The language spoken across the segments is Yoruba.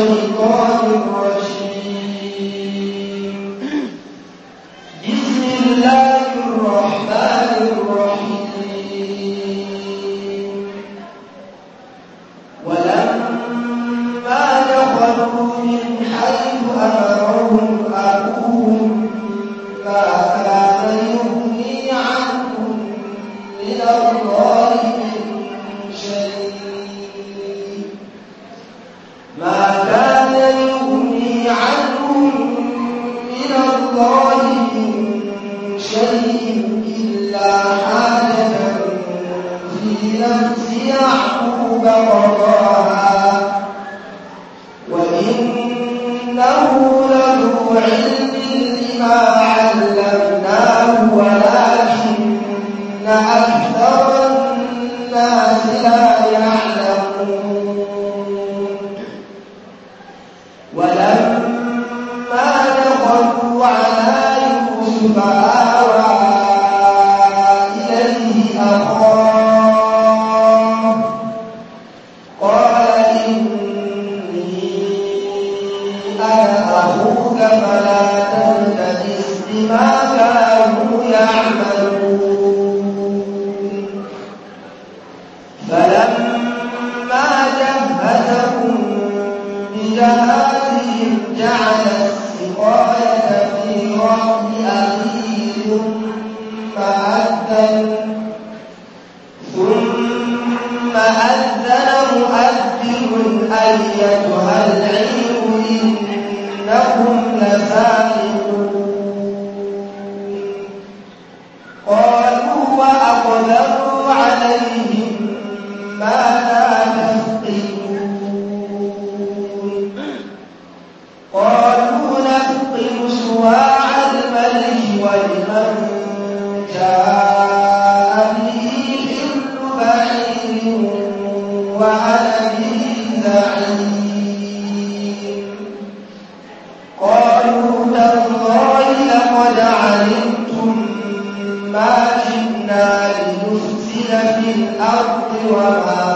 الشيطان الرجيم الأرض وما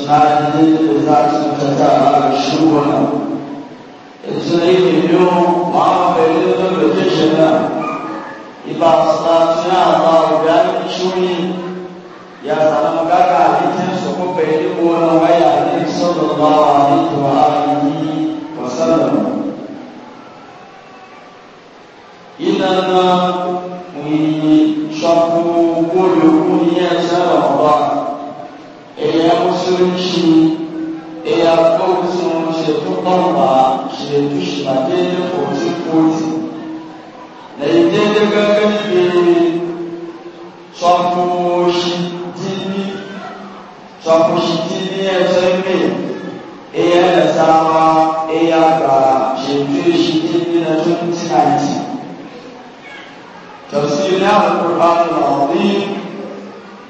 suna da da za su kata a shirwa na yanzu ne mai biyu ma'a bai yi da lokacin shirya iba suna suna ba wa bayan shuni ya samu gaga a cikin su ko bai yi wani waya ne sallallahu alaihi wa alihi wa sallam idan na mu yi shafu ko da kuma yin sarrafa É é a se musulunci eya fọwọsọ ṣètò ọmọ ṣètò ṣìmàdéédé só fòtí é então, se déédé gẹgẹ bí sọfúnṣì dínní sọfúnṣì dínní ẹsẹ mi eya ẹsáwa eya a ṣètò ìṣì dínní na twenty nineteen se ilé àwọn kòkòrò àwọn ọ̀dọ́ yìí.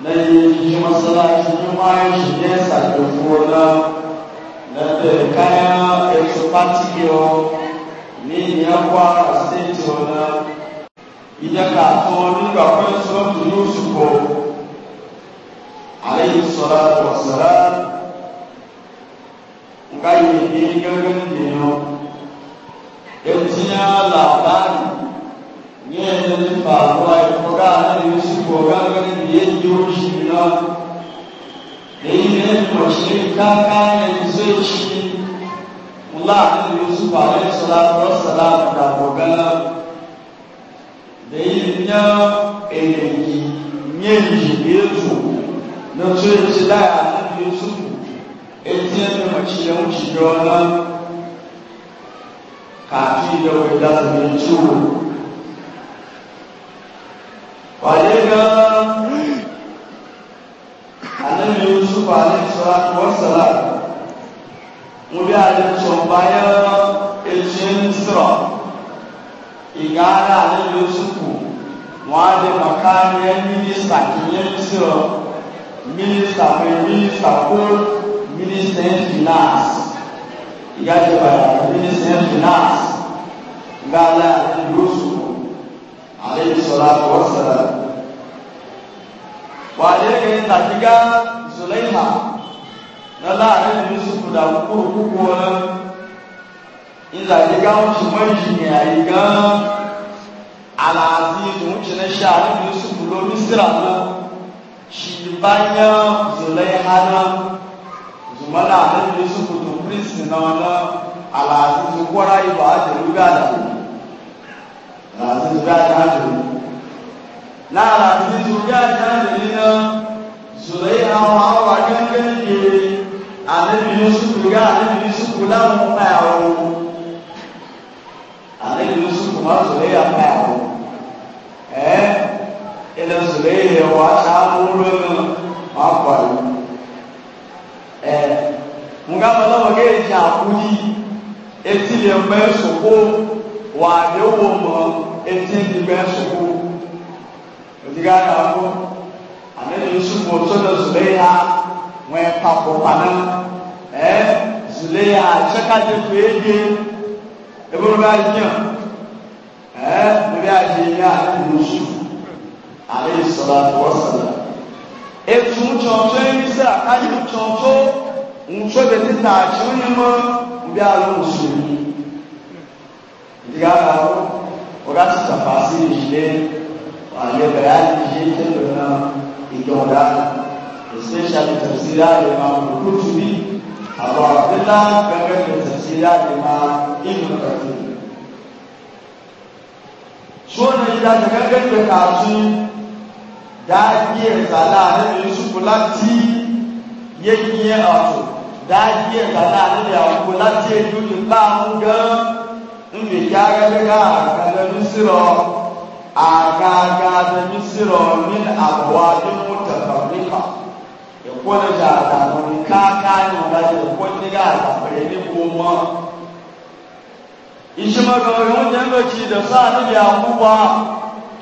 na yi masalacin juma'a shi ne sakafo na na da kaya expatio ni ya kwa state ona ija ka to ni ba ko so tu yusuko alayhi salatu wassalam ngai ni gangan ni no etinya labari yẹn ló ti fa àwọn ẹ̀fọ́gá àti yusufu ọ̀gá gbẹ́ni ní yé di oríṣi lọ. èyí ni ẹni mọ̀ ṣe káká ẹni tó ṣe ńlá àti yusufu àwọn ìṣọlá ọ̀sọ̀lá àgbàgbọ̀ gan. èyí ni èyí nyé ìjìnlẹ̀ ètò ní tó ṣe láyà àti yusufu ètí ẹni mọ̀ ṣe ń ṣe yọ ọ náà kàtí ìdọ̀wẹ̀ dáadáa ní ìṣòro. walega annabi yusuf alaihi salatu wassalam mu bi alaihi salatu bayan ejin sira igara alaihi yusuf wọn de maka yẹ minista kìnyẹn sira minista fẹ minista kó minista yẹn finance igajọba yàrá minista yẹn finance gbala yusuf salatu wassalam wale ke ta diga zulaiha na la ne yusuf da kuru kuku wala iza diga wuce manji ne a yi ga alazizu wuce na sha ne yusuf lo misira lo shi banya zulaiha na zumana ne yusuf to prince na wala alazizu kwara iba a da ruga da alazizu ga da hajjuru lára àti tó bí àjáde nínú ṣùgbọ́n ìhà ọmọ àwọn wà gẹ́gẹ́ ní àlébi ní ṣùkú yá àlébi ní ṣùkú láwọn ọmọ ẹ̀wọ̀ àlébi ní ṣùkú má ṣùgbọ́n ìhà ọmọ ẹ̀wọ̀ ẹ̀ ilẹ̀ ṣùgbọ́n ìhà ọwọ́ aṣá múlò ní wà pọ̀lú ẹ̀ nga bala wà gẹ́gẹ́ ní àkúyí etí lè mẹ́ ṣùkú wà ní wọ́n mọ́ etí lè mẹ́ òdìgá kàwọ́ àlejò sùpò sọ́dọ̀ zùlẹ́yà wọ́n papọ̀ paná ẹ́ zùlẹ́yà àṣẹ́kàdé tó ége ebúrú bá yíyan ẹ́ lórí àjẹ yíyá àlejò sù àlejò sọ̀rọ̀ àtọwọ́ sọ̀rọ̀ etu ntɔntɔn yi sɛ akayi ntɔntɔ ntɔ bɛ tita akyew ne mu bi alo musulmi ndiga alo ɔka tita paase yi yie wale bayani jinsi kuna ikiwa especially tafsira ya Imam Qurtubi Abu Abdullah kama tafsira ya Imam Ibn Kathir shona ida ta kankan da kasu da biye sala ne Yusuf lati yake ato da biye sala ne ya ko lati dukkan ba mun ga in ya ga ga kallon sirro agaga da misiro min abuwa din mutafarrika ya kone da adamun kaka ne ba da kone ga adamare ne goma ishi magawai wajen lokaci da sa ni da yakuba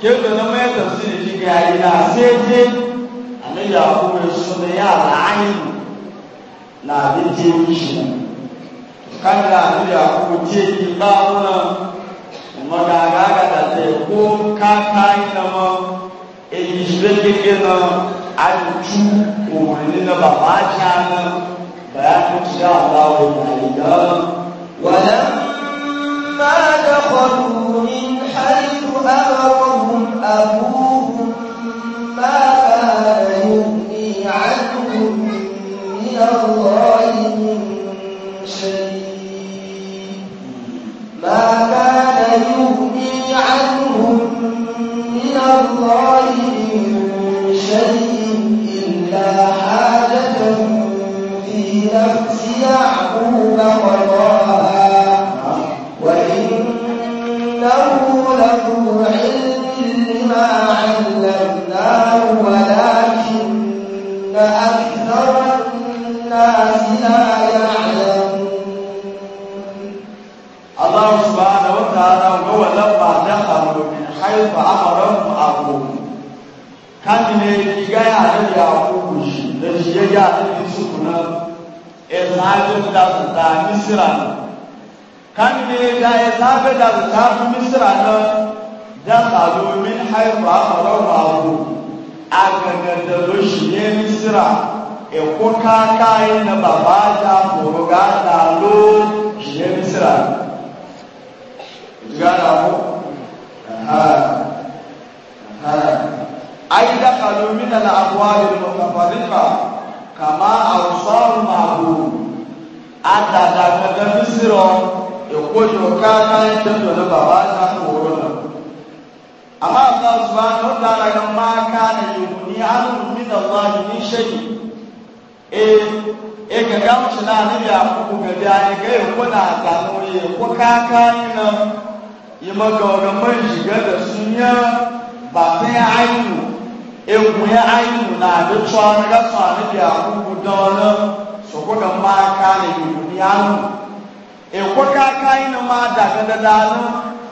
ke da na mai tafsiri shi ga yi na sai je annabi yakuba su ne ya la'ayin na bin je mishi kan da annabi yakuba ce ki ba wannan magaga da ta ko kaka ina ma ejisbe keke na ajuju umarni na baba ja na bayanin shi da Allah wa ma'ida ولما دخلوا من حيث أمرهم أبوهم ما كان يغني عنهم من الله وراءها وإنه لذو علم لما علمناه ولكن أكثر الناس لا يعلمون الله سبحانه وتعالى هو لما دخلوا من حيث أمرهم أبوهم كان يجي يعلم يعقوب ليجي يعلم hajjin e da ta misira kan ne da ya zaɓe da ta fi misira nan da e e tsaro min haifa a rarrabu a gagadalo shi ne misira ẹ̀kọ́ káàká iná bàbá àjà mọ̀rọ̀gá àjà ló ṣe ní síra ìdíga àjà mọ́ àyíká kàlómìnà làbọ̀ àyè lọ́kàfà nípa kàmá àwùsọ́ọ̀rùn màbò adada gbẹgbẹ fisirɔ ekojo kaka ɛtɛtɔ ne baba ɛna wòro na ama ala zuba ne o da la ma ka ne yewu ni anu mi na ma yi ni se yi ee ekeke amusi na ne yà koko gẹbi ayi ke eko na ada ne o ye eko kaka yi na yi ma gɔgɔ ma yi gɛ da su bapɛ ayi mu ewu ya ayi mu na adi ne ka sɔ ne yà koko dɔn ne soko ga ma ka ne yugo yanu e ko ka kai na ma da ga da dano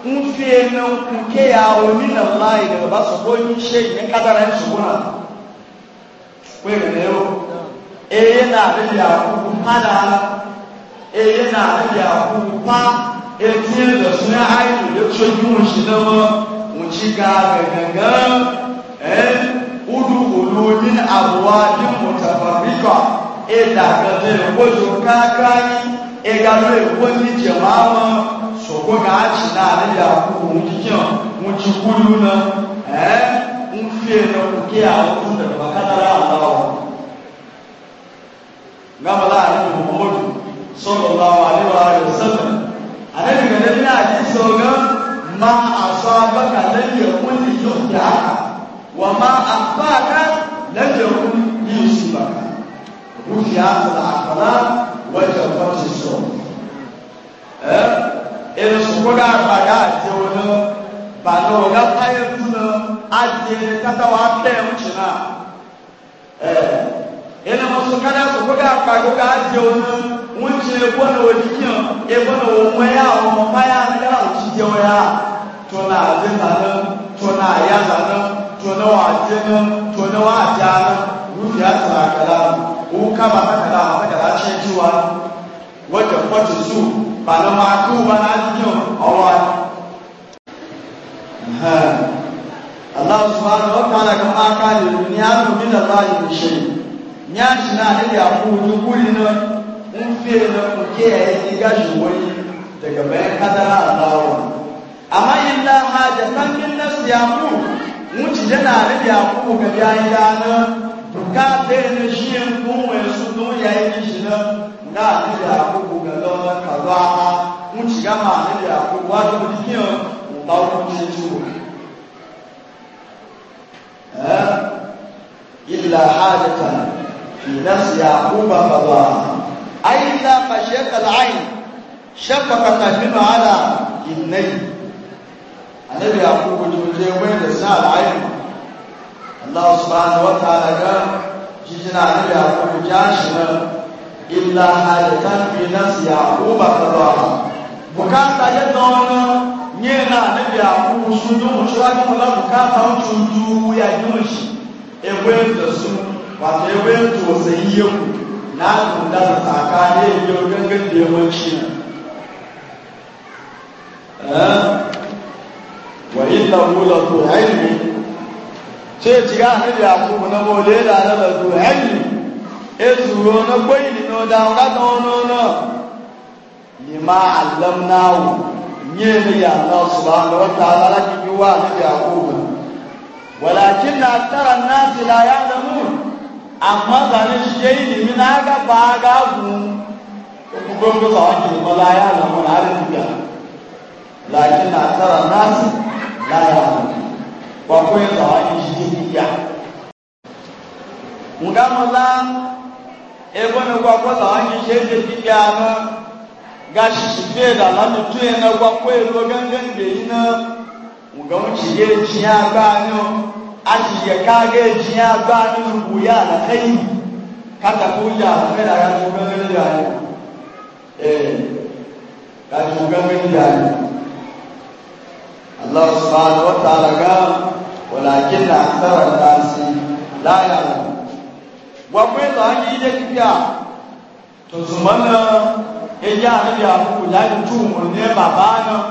in na kuke ya na mai daga ba su goyi shi ne na su gona kwere na yau e yana da ya kuma hana e yana da ya kuma e tiye da suna aiki da tsoyi mun shi na ma mun ci ga gangan eh udu ulumin abuwa din mutafarrika edagado ekwozo kakanyi egado ekwozi jemama soko kachi naale yakubu mukikyɔ mukikulu na ɛɛ nfie na kuke awo ndɛ bakatara alawo ngamala ale muhammadu sallallahu alaihi wa alihi wa sallam ale bi ka nabi naa ti sɔn kan ma aso abaka lɛbi ekun ti yɔ jaa wa ma abaka lɛbi ekun وجعت العقلاء وجفت الصوم ẹnu sọgbọdọ àgbàdo àti ọdọ bàtà ọgá táyà dúnà àti kátàwá bẹẹ ń tì náà ẹnu sọgbọdọ sọgbọdọ àgbàdo àti ọdọ ń tì ẹgbọ náà òdìyàn ẹgbọ náà ọmọ ẹyà ọmọ báyà nígbà òjijì ọyà tó náà àdé nànà tó náà àyà nànà tó náà wà á dé nà tó náà wà á dé àná wúlò yà sọ àgbàdo àná ku kama haka da haka da ce jiwa wajen kwace su ba na maku ba na jikin awa Allah subhanahu wa ta'ala kan aka ne ni ya mu min Allah ne shi ni ya shi na da ya ku ni kuri na in fe na ku ke ya yi gashi wani daga bayan kadara Allah amma illa hajatan min nafsi yaqub mun ci jana da yaqub ga yayi dana ka de ne shi en kun we su don ya yi ni shi na na ni da ko ko ga lo na ka ba mu ci ga ma ni da ko wa do ni yo mu ba ko ci ci ko illa hajatan fi nafs yaqub qada ay la mashaqa al-ayn shaqqa min ala innay annabi yaqub je wai da Allah subhanahu wa ta'ala ga jijina ni ya ku jashi na illa halatan fi nafsi yaquba qadaha bukata ya dona nyena ni ya ku sundu mushaka mala bukata utundu ya nyushi ewezo su wato ewezo sai yau na tunda da tsaka ne yau gangan da yawanci na eh? wa inna hu la tu ce ci ga hanyar yakubu na mole da na lazu hanyi e zuro na gwai ni no da ga no no no lima allamnahu nye ne ya Allah subhanahu wa ta'ala ki yuwa ne yakubu walakin na tara nasi la ya'lamun amma zanin shi yayi ni na ga ba ga gu ku gongo sa wani ba la ya'lamun har duka kwa kwenda ijitumia ngamala ebona kwa kwenda wanyishende kibyana gashishipela lami tuyena kwa kwelo gangengeina ugamuchiye chiyaganyo atiye kage chiyaganyo luguyana kayi kata kuja mera gatugamene yayo eh gatugamene yayo Allah subhanahu wa ta'ala ga walakin na tsara e nasi la ya wa kwai da hanyar yi tafiya to zuman nan ya ji annabi a muku ya ji tumu ne baba nan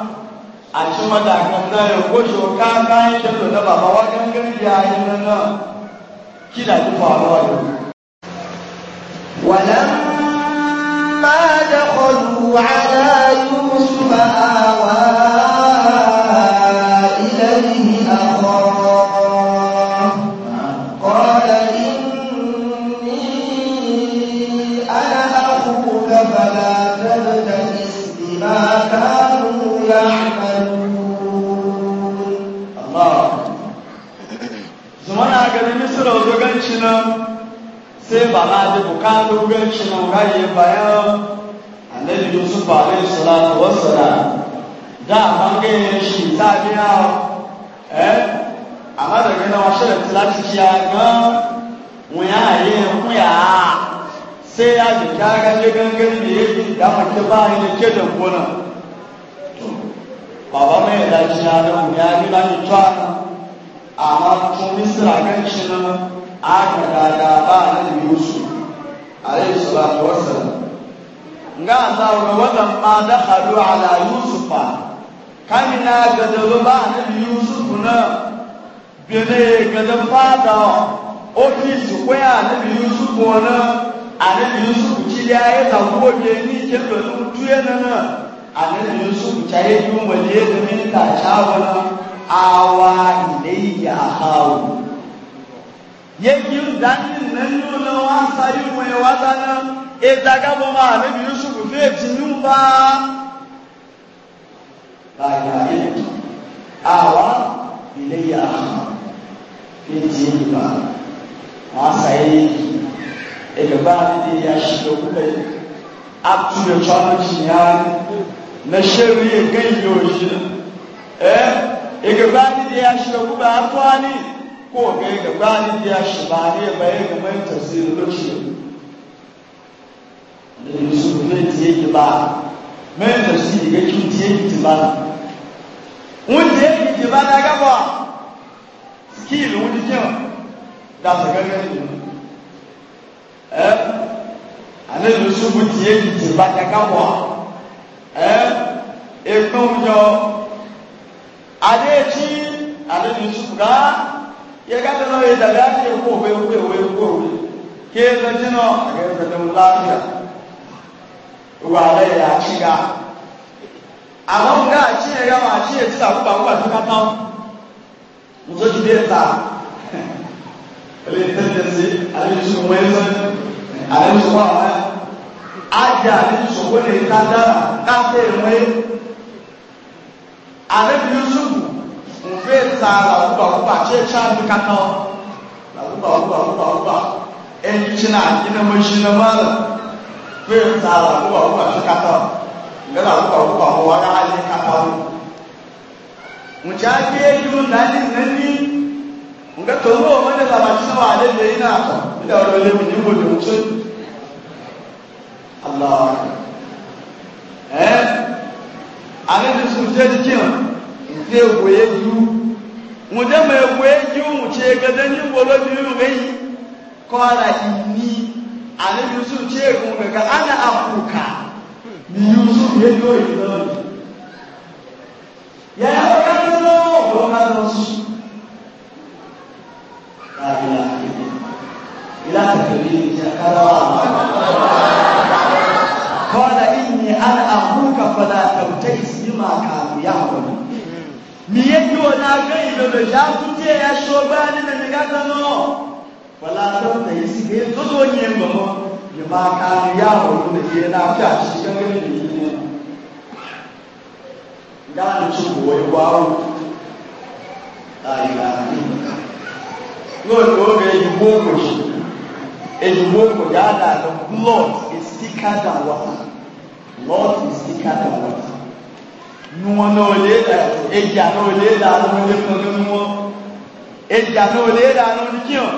a ci madakan nan ya goce wa kakan yi na baba wa gangan ya yi nan nan kila ji faruwa yau ولما دخلوا على يوسف آواه ganci nan sai ba na da bukatun ganci nan raye annabi yusuf alaihi salatu wassalam da man shi ta biya eh amma daga nan washe da tilaki ya ga wuya ye kuya sai ya ji ta ga gangan da yake da mace ba ni da ke da gona baba mai da shi ya ga wuya ni ba ni to amma tun misra ganci nan aka dada ba annabi yusuf alayhi salatu wassalam nga asawu na wadan ma dakhalu ala yusufa kamina gadalu ba annabi yusuf na bene gadan fada ofisi kwaya annabi yusuf wana annabi yusuf ci ya yi zango ke ni ke lolu tuye yegi dani nenu na wa sari mwe wa dana e daga bo ma ne bi yusuf fe tinu ba la ya ye awa ile ya ke tinu ba e ga ba ni de ya shi do up to the challenge ya na sheri e gan yo shi eh e ga ba ni ya shi do ku ba ko ga ga bani ya shi ba ne bai ga mai tafsir lokaci da Yusuf ne tiye ba mai tafsir ga kin tiye ki ba un tiye ki ba na ga ba skill un tiye da ta ga ga ni eh ana Yusuf tiye ki ba ta ga eh e kun yo ade chi ana Yusuf ga ya gata na ya daga ke ko bai ko bai ko ke da jino ga da da lafiya wa la ya shiga amma ga ci e e ya ga ma ci ya ci da ba ba ta ta mu zo ji da ale tendency ale su mai san ali su ba ma aja ale su ko ne ta da ka te mai ale bi su mu fe ta la uba ce cha bi kaka la uba uba uba uba en china ina mai shi na mala pe ta la uba uba ce kaka ne la uba uba ho wa ga ne kaka mu cha ke yu na ni na ni nga to mo ma ne la ba ci wa de ne ina ko ida ro le mi ni mo de mu Allah eh ale ni su je di kin ne wo ye muda mai kwaye mu ce ga danin bolo biyu gai kwara inni a na yusuf ce kuma ga ana afuka ni yusuf ya yi yi nan ya yi haka kan zo ko ka zo su ta ila ila ta kabi ya karawa kwara inni ana afuka fada tautai su yi maka ya haɓaru miyebi wona agbẹyin bẹbẹ ṣáàtú tí ẹyà ṣọ bá nínú ẹnìká kan náà wọlá sọtẹ yìí sì gbé tótó yẹn bọmọ yìnbọn aka yà Na lèyí ẹ náà fi àṣìṣe gẹ́gẹ́ bí èyí mú gáàlù tó wọ ewu àwọn àyà àdéhùn oge ìdìbò òkòjì ìdìbò òkòjì àdàlù blood is thicker than water blood is thicker than water nuwọn náà ò lè dà ẹjà náà ò lè dà àwọn ilé kankan ní wọn ẹjà náà ò lè dà àwọn oníkíyàn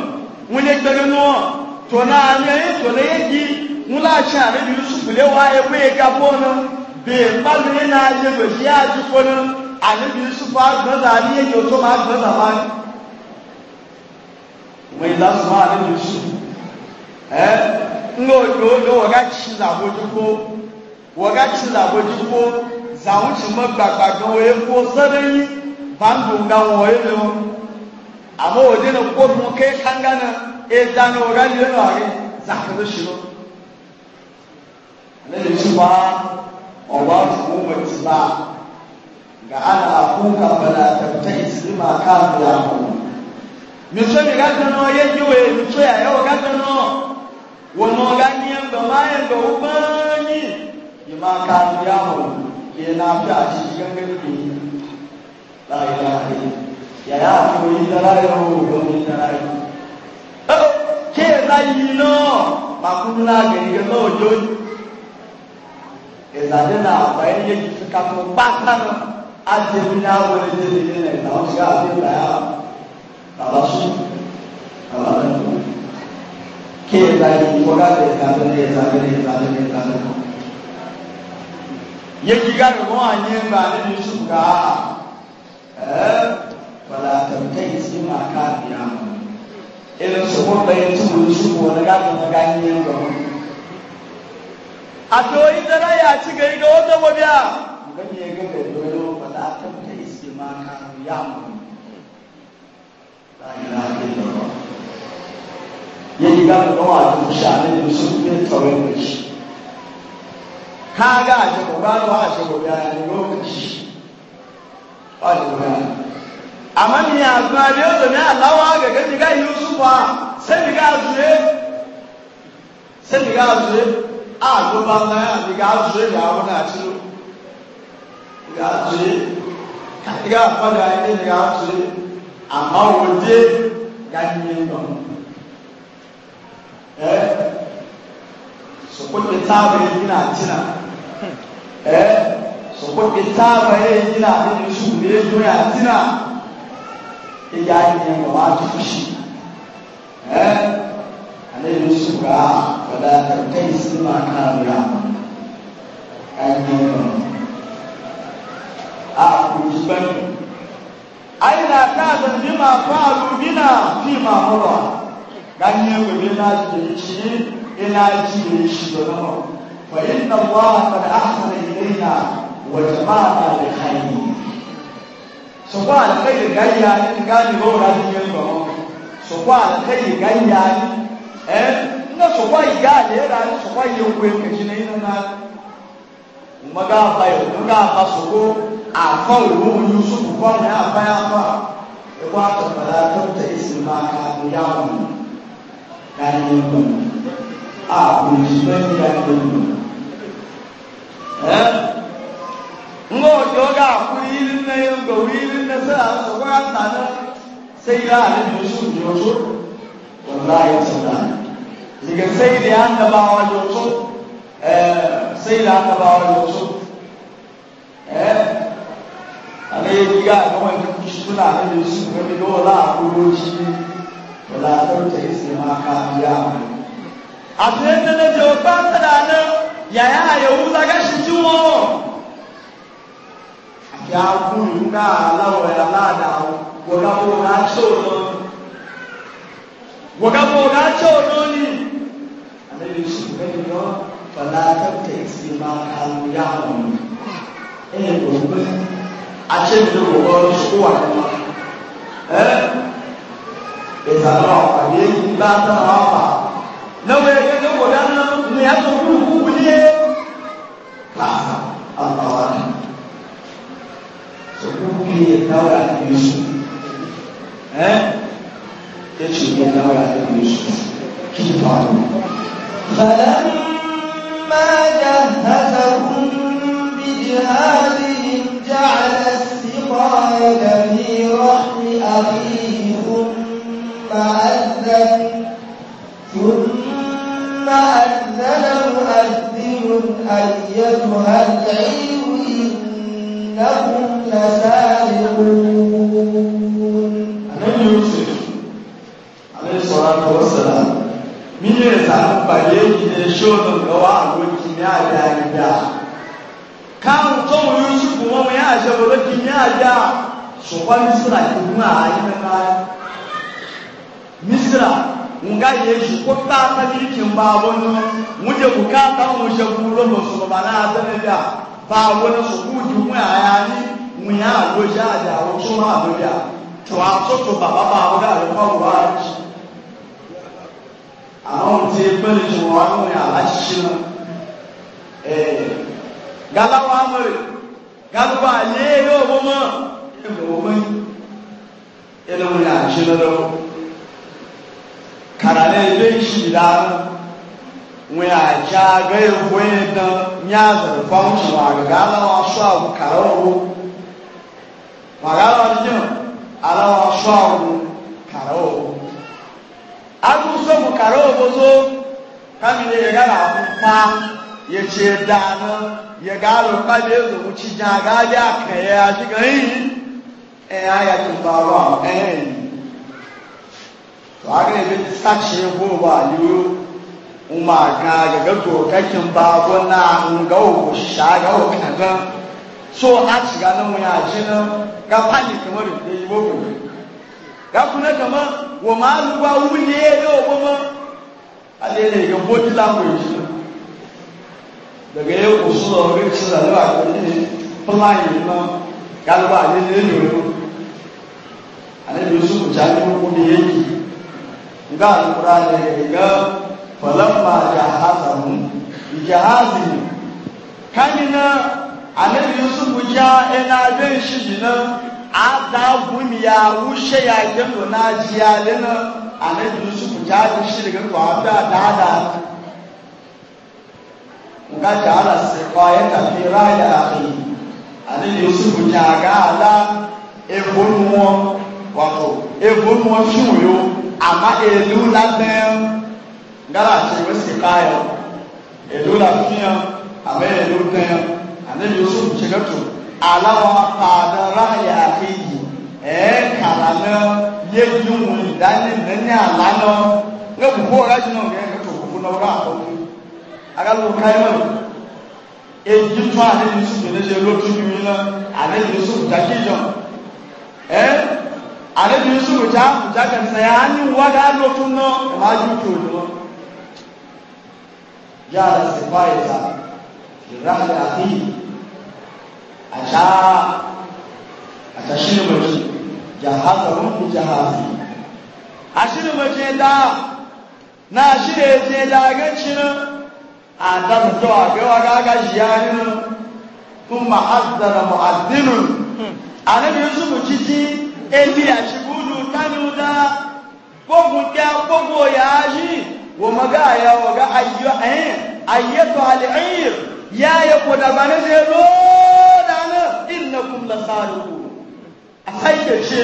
wọn lè gbẹgbẹ ní wọn tọ́nà àárín ẹ̀yìn tọ́nà èyí wọn láṣẹ àrẹ́bí yusufu lé wá ẹgbẹ́ ẹ̀ka bọ́ náà bẹ́ẹ̀ bá mi ní náà yẹ lòdì àdúgbò náà àrẹ́bí yusufu àgbọ̀nsà àní èyí ò tó máa gbọ̀nsà máa ní. wọ́n yìí lásán máa àrẹ́bí yusufu ẹ́ ńlọ́ọ̀dọ́ wọ́n ká tsi làbójúkó wọ́n ká tsi làbójúkó zàwọn tí mo gbàgbà gan wo epo sẹ́dẹ̀ yín báńgò ga wọ̀ ẹ́ lọ àmọ́ òde ní kó mu ké kánga náà ẹ̀ dáná ọ̀rá yìí lọ́nà rẹ̀ zàkè ló ṣe lọ. lẹ́yìn tí wà ọ̀wá fún wọn ti bá ga ana àkóńkà bẹ̀rẹ̀ àtẹ̀tẹ̀ ìsinmi máa káàkiri àwọn. mi sọ mi ká dáná ọyẹ́ yíwèé mi sọ yà ẹ̀ wọ́n ká dáná wọn náà ká ní ẹ̀ ń bẹ̀ máa ẹ̀ ń bẹ̀ wọ́n gbọ́n ní ìmáa káàkiri àwọn. 也拿不下去，跟跟比，来来，也要注意的来哟，注意的来。哦，现在伊呢，把库拉给一个老舅，给咱这那白人也就是干部八看了，俺这边家我的这边人，然后谁啊谁来啊，打到输，打到输。现在我感觉咱们这咱们这咱们这咱们。يجيكا نقوم عن ينبع لنشوك ولا تبتئس بما كان يعمل إذا سمون بيتم يشوك ونقاط ونقاط ينبع a to yi zara o ci gari a wata mabiya gani ya gaga dole ba za ta ta iske ma ka ya mu la ilaha illallah yayi a da wa ta sha'anin su ne tawai shi ka ga a ce gobe ba a ce gobe ya ne lokaci ba da gobe amma ni a kuma biyo da ne alawa ga gaji ga yusufa sai ni ga zuwe sai ni ga zuwe a gobe Allah ya ni ga zuwe ya wani a cilo ga zuwe ka ni ga fada ya ni ga zuwe amma wode ga ni ne ba eh su kulle tabi ina tina eh so ko ke ta ba ye jina ni su ne do ya tina e ya ni ba wa tu shi eh ale ni su ga wala ta kai su ma ka ra ai ni a ku ji ban aina e ta zan bima fa'alu bina fi ma mura ganye gobe na ji ci ina ji shi da nawa فإن الله قد أحسن إلينا وجمعنا بالخير sọ̀kọ́ àlẹ́kẹ́yì gáyà ní gáàdì lọ́wọ́ra ní ẹgbẹ̀ wọn sọ̀kọ́ àlẹ́kẹ́yì gáyà ní ẹ́ ní sọ̀kọ́ ìyá àlẹ́ra ní sọ̀kọ́ iye ogun èkejì ní inú náà mọ̀gá àbá ìlú náà bá sọ̀kọ́ àfọ́ ìlú yusuf kọ́ ní àbá àfọ́ ẹ̀kọ́ àtọ̀kọ̀lá tó tẹ̀ sí máa ka ìyá wọn gáyà ní ẹgbẹ̀ wọn àbùrù ìṣúná ìyá ní ẹgbẹ̀ wọn ngo yoga kuili na yongo wili na sa so kwa tana sai ya ne musu yoso wallahi sana diga sai da anda ba wa yoso eh sai da anda ba wa yoso eh ale diga ga wani kushuna ne su ga mi dola kuro shi wala sai ta isi ma ka ya yaya yahuza gashitiwo yakunga alawelalaada wakabogacono wakabogacononi anabisimeno fala tatesima kaluyamon egobe aceminogogosuwanma ezanawafa e yeibatawafa nawekenewodana neyazokuku الأعظم القوانين سكوك الدولة يوسف ها تجري الدولة يوسف كيف عدو فلما جهزهم بجهادهم جعل السقاية في رحم أخيه ثم أذن ثم ثم أذن مؤذن أيتها العير إنكم لسارقون النبي يوسف عليه الصلاة والسلام من يسعى بليه يشوف القواعد والكيمياء العالية كانوا قوم يوسف وهم يعجبوا الكيمياء شوفوا مصر كيما عيننا مصر nga yesu ko ta ta ni kin ba wono muje bukata mu je kuro no so ba na ta ne da ba wono so ku ju mu aya ni mu ya wo ja ja wo so ma do ja to a so to ba ba ba wo ga ro ko wa àwọn ya pé lè sọ wọn ní aláṣẹ náà ẹ galawa mọrẹ galawa yé yóò wọ́n mọ́ ẹ lọ́wọ́ mọ́ ẹ lọ́wọ́ ní àṣẹ lọ́wọ́ karane ibe shi da we a ja ga we da nya za da fa shi wa ga la wa sha wa karawo wa ga la ni ala wa sha wa karawo aku so mu karawo bo so kami ne ga la pa chi ja ga ja ka ya shi ga yi eh aya tu ba wa e wàhálà ebi tachi hu wàlú uma ga gaga go kakin babu na nga wo sha ga wo kaga so a ci ga nan ya ji nan ga fani kamar da yi wo ga kuna kama wa ma lu ba wuli e yo bo ma ale ne ga body language daga yau ko su da ri su da ba ko ne plan yi na ga ba ne ne ne yo ale bi su ja ni ko ne yake ga alƙur'ani ne ga falamma jahazahu jahazi kamina anabi yusuf ja ina ben shi jina ada gumiya wushe ya gendo na jiya lena anabi yusuf ja ji shi daga ko abda dada ga jahala se ko ta fi raya akhi anabi yusuf ja ga ala ebonu wato ebonu wọn sùn ama elu la dɛm gara ati o si ka yɔ elu la fiya ama elu dɛm ale yusuf jɛgɛ to ala wa paada raaya afi yi ɛɛ kala nɛ ye yi wuli da ne nɛ ne ala nɔ ne ko ko ɔra jina o kɛ ne to ko na ɔra akɔ ko a ka lo ka yɔ eyi tɔ ale yusuf yɛrɛ yɛrɛ lɔ tu yi na ale yusuf da ki jɔ ɛɛ. anabi yusufu ta ta kanisa ya hanyi waga lotun na ma ji ke ojuwa ya da su fayi ta rahama ya fi a ta a ta shi haka jahaza rufu jahazi a shi mace da na shi da ya ce da ga na a ta zato a kai waga ga shi ya yi na kuma azzara mu'addinun anabi yusufu cikin ẹni àṣìbúdù kánúdá gbógun tí a gbógun ọ̀yà yìí wọ́n mọ́gá àyà ọ̀gá ayẹ́tọ̀ alẹ́ ẹ̀yìn yá ẹ̀kọ́ dàgbà ní ṣe lóòdáná ìnàkùn lọ́sàárùkù àṣàyẹ̀ ṣe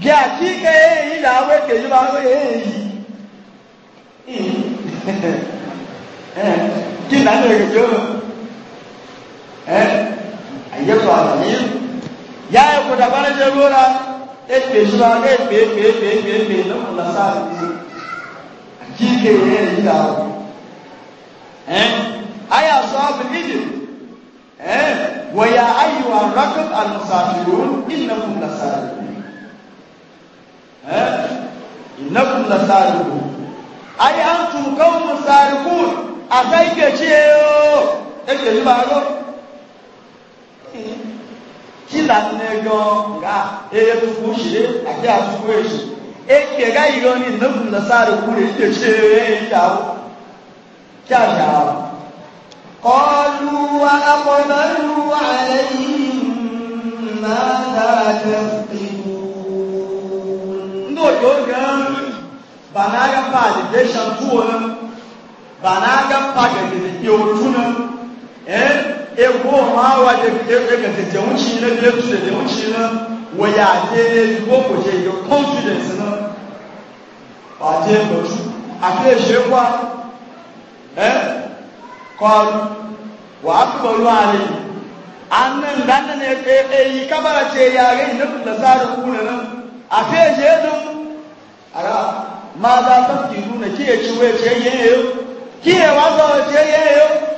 bí àkíkẹ́ èyí làwọn èkè yìí bá wọ́n èyí kí nàá lè rí bí ó ayẹ́tọ̀ àlẹ́ yìí yaya ko da bana je lora e eh, pe sura e eh, pe pe pe pe pe na kula sa ni ki ke ye eh, ni da eh aya sahab lidin eh wa ya ayyuha rakab al musafirun innakum lasalun eh innakum lasalun ai antum qaumun sarikun asai ke ciyo e ke ba go kila nnegɔ nga eye tuku sie ake atuku esi ekpe ga yi lɔni nebu le sa ɖe ku le yi esi eye yawo kia yawo. قالوا وأقبلوا عليهم ماذا تفقدون ndo yogan bana ga pa de shan tuwo nan bana ga pa ga de yo tunan e eh, goma eh, wa da ga tattaunci na da su da tattaunci na waya ne ne ko ko je da confidence na ba je ba su a fe kwa eh qalu wa akbaru alayhi annan dan ne e e yi kabara ce ya ga inda da zaru kuna nan a fe she dun ara ma za ta ki nuna ki ya e ci waye ce yayo ki ya e wa za ce yayo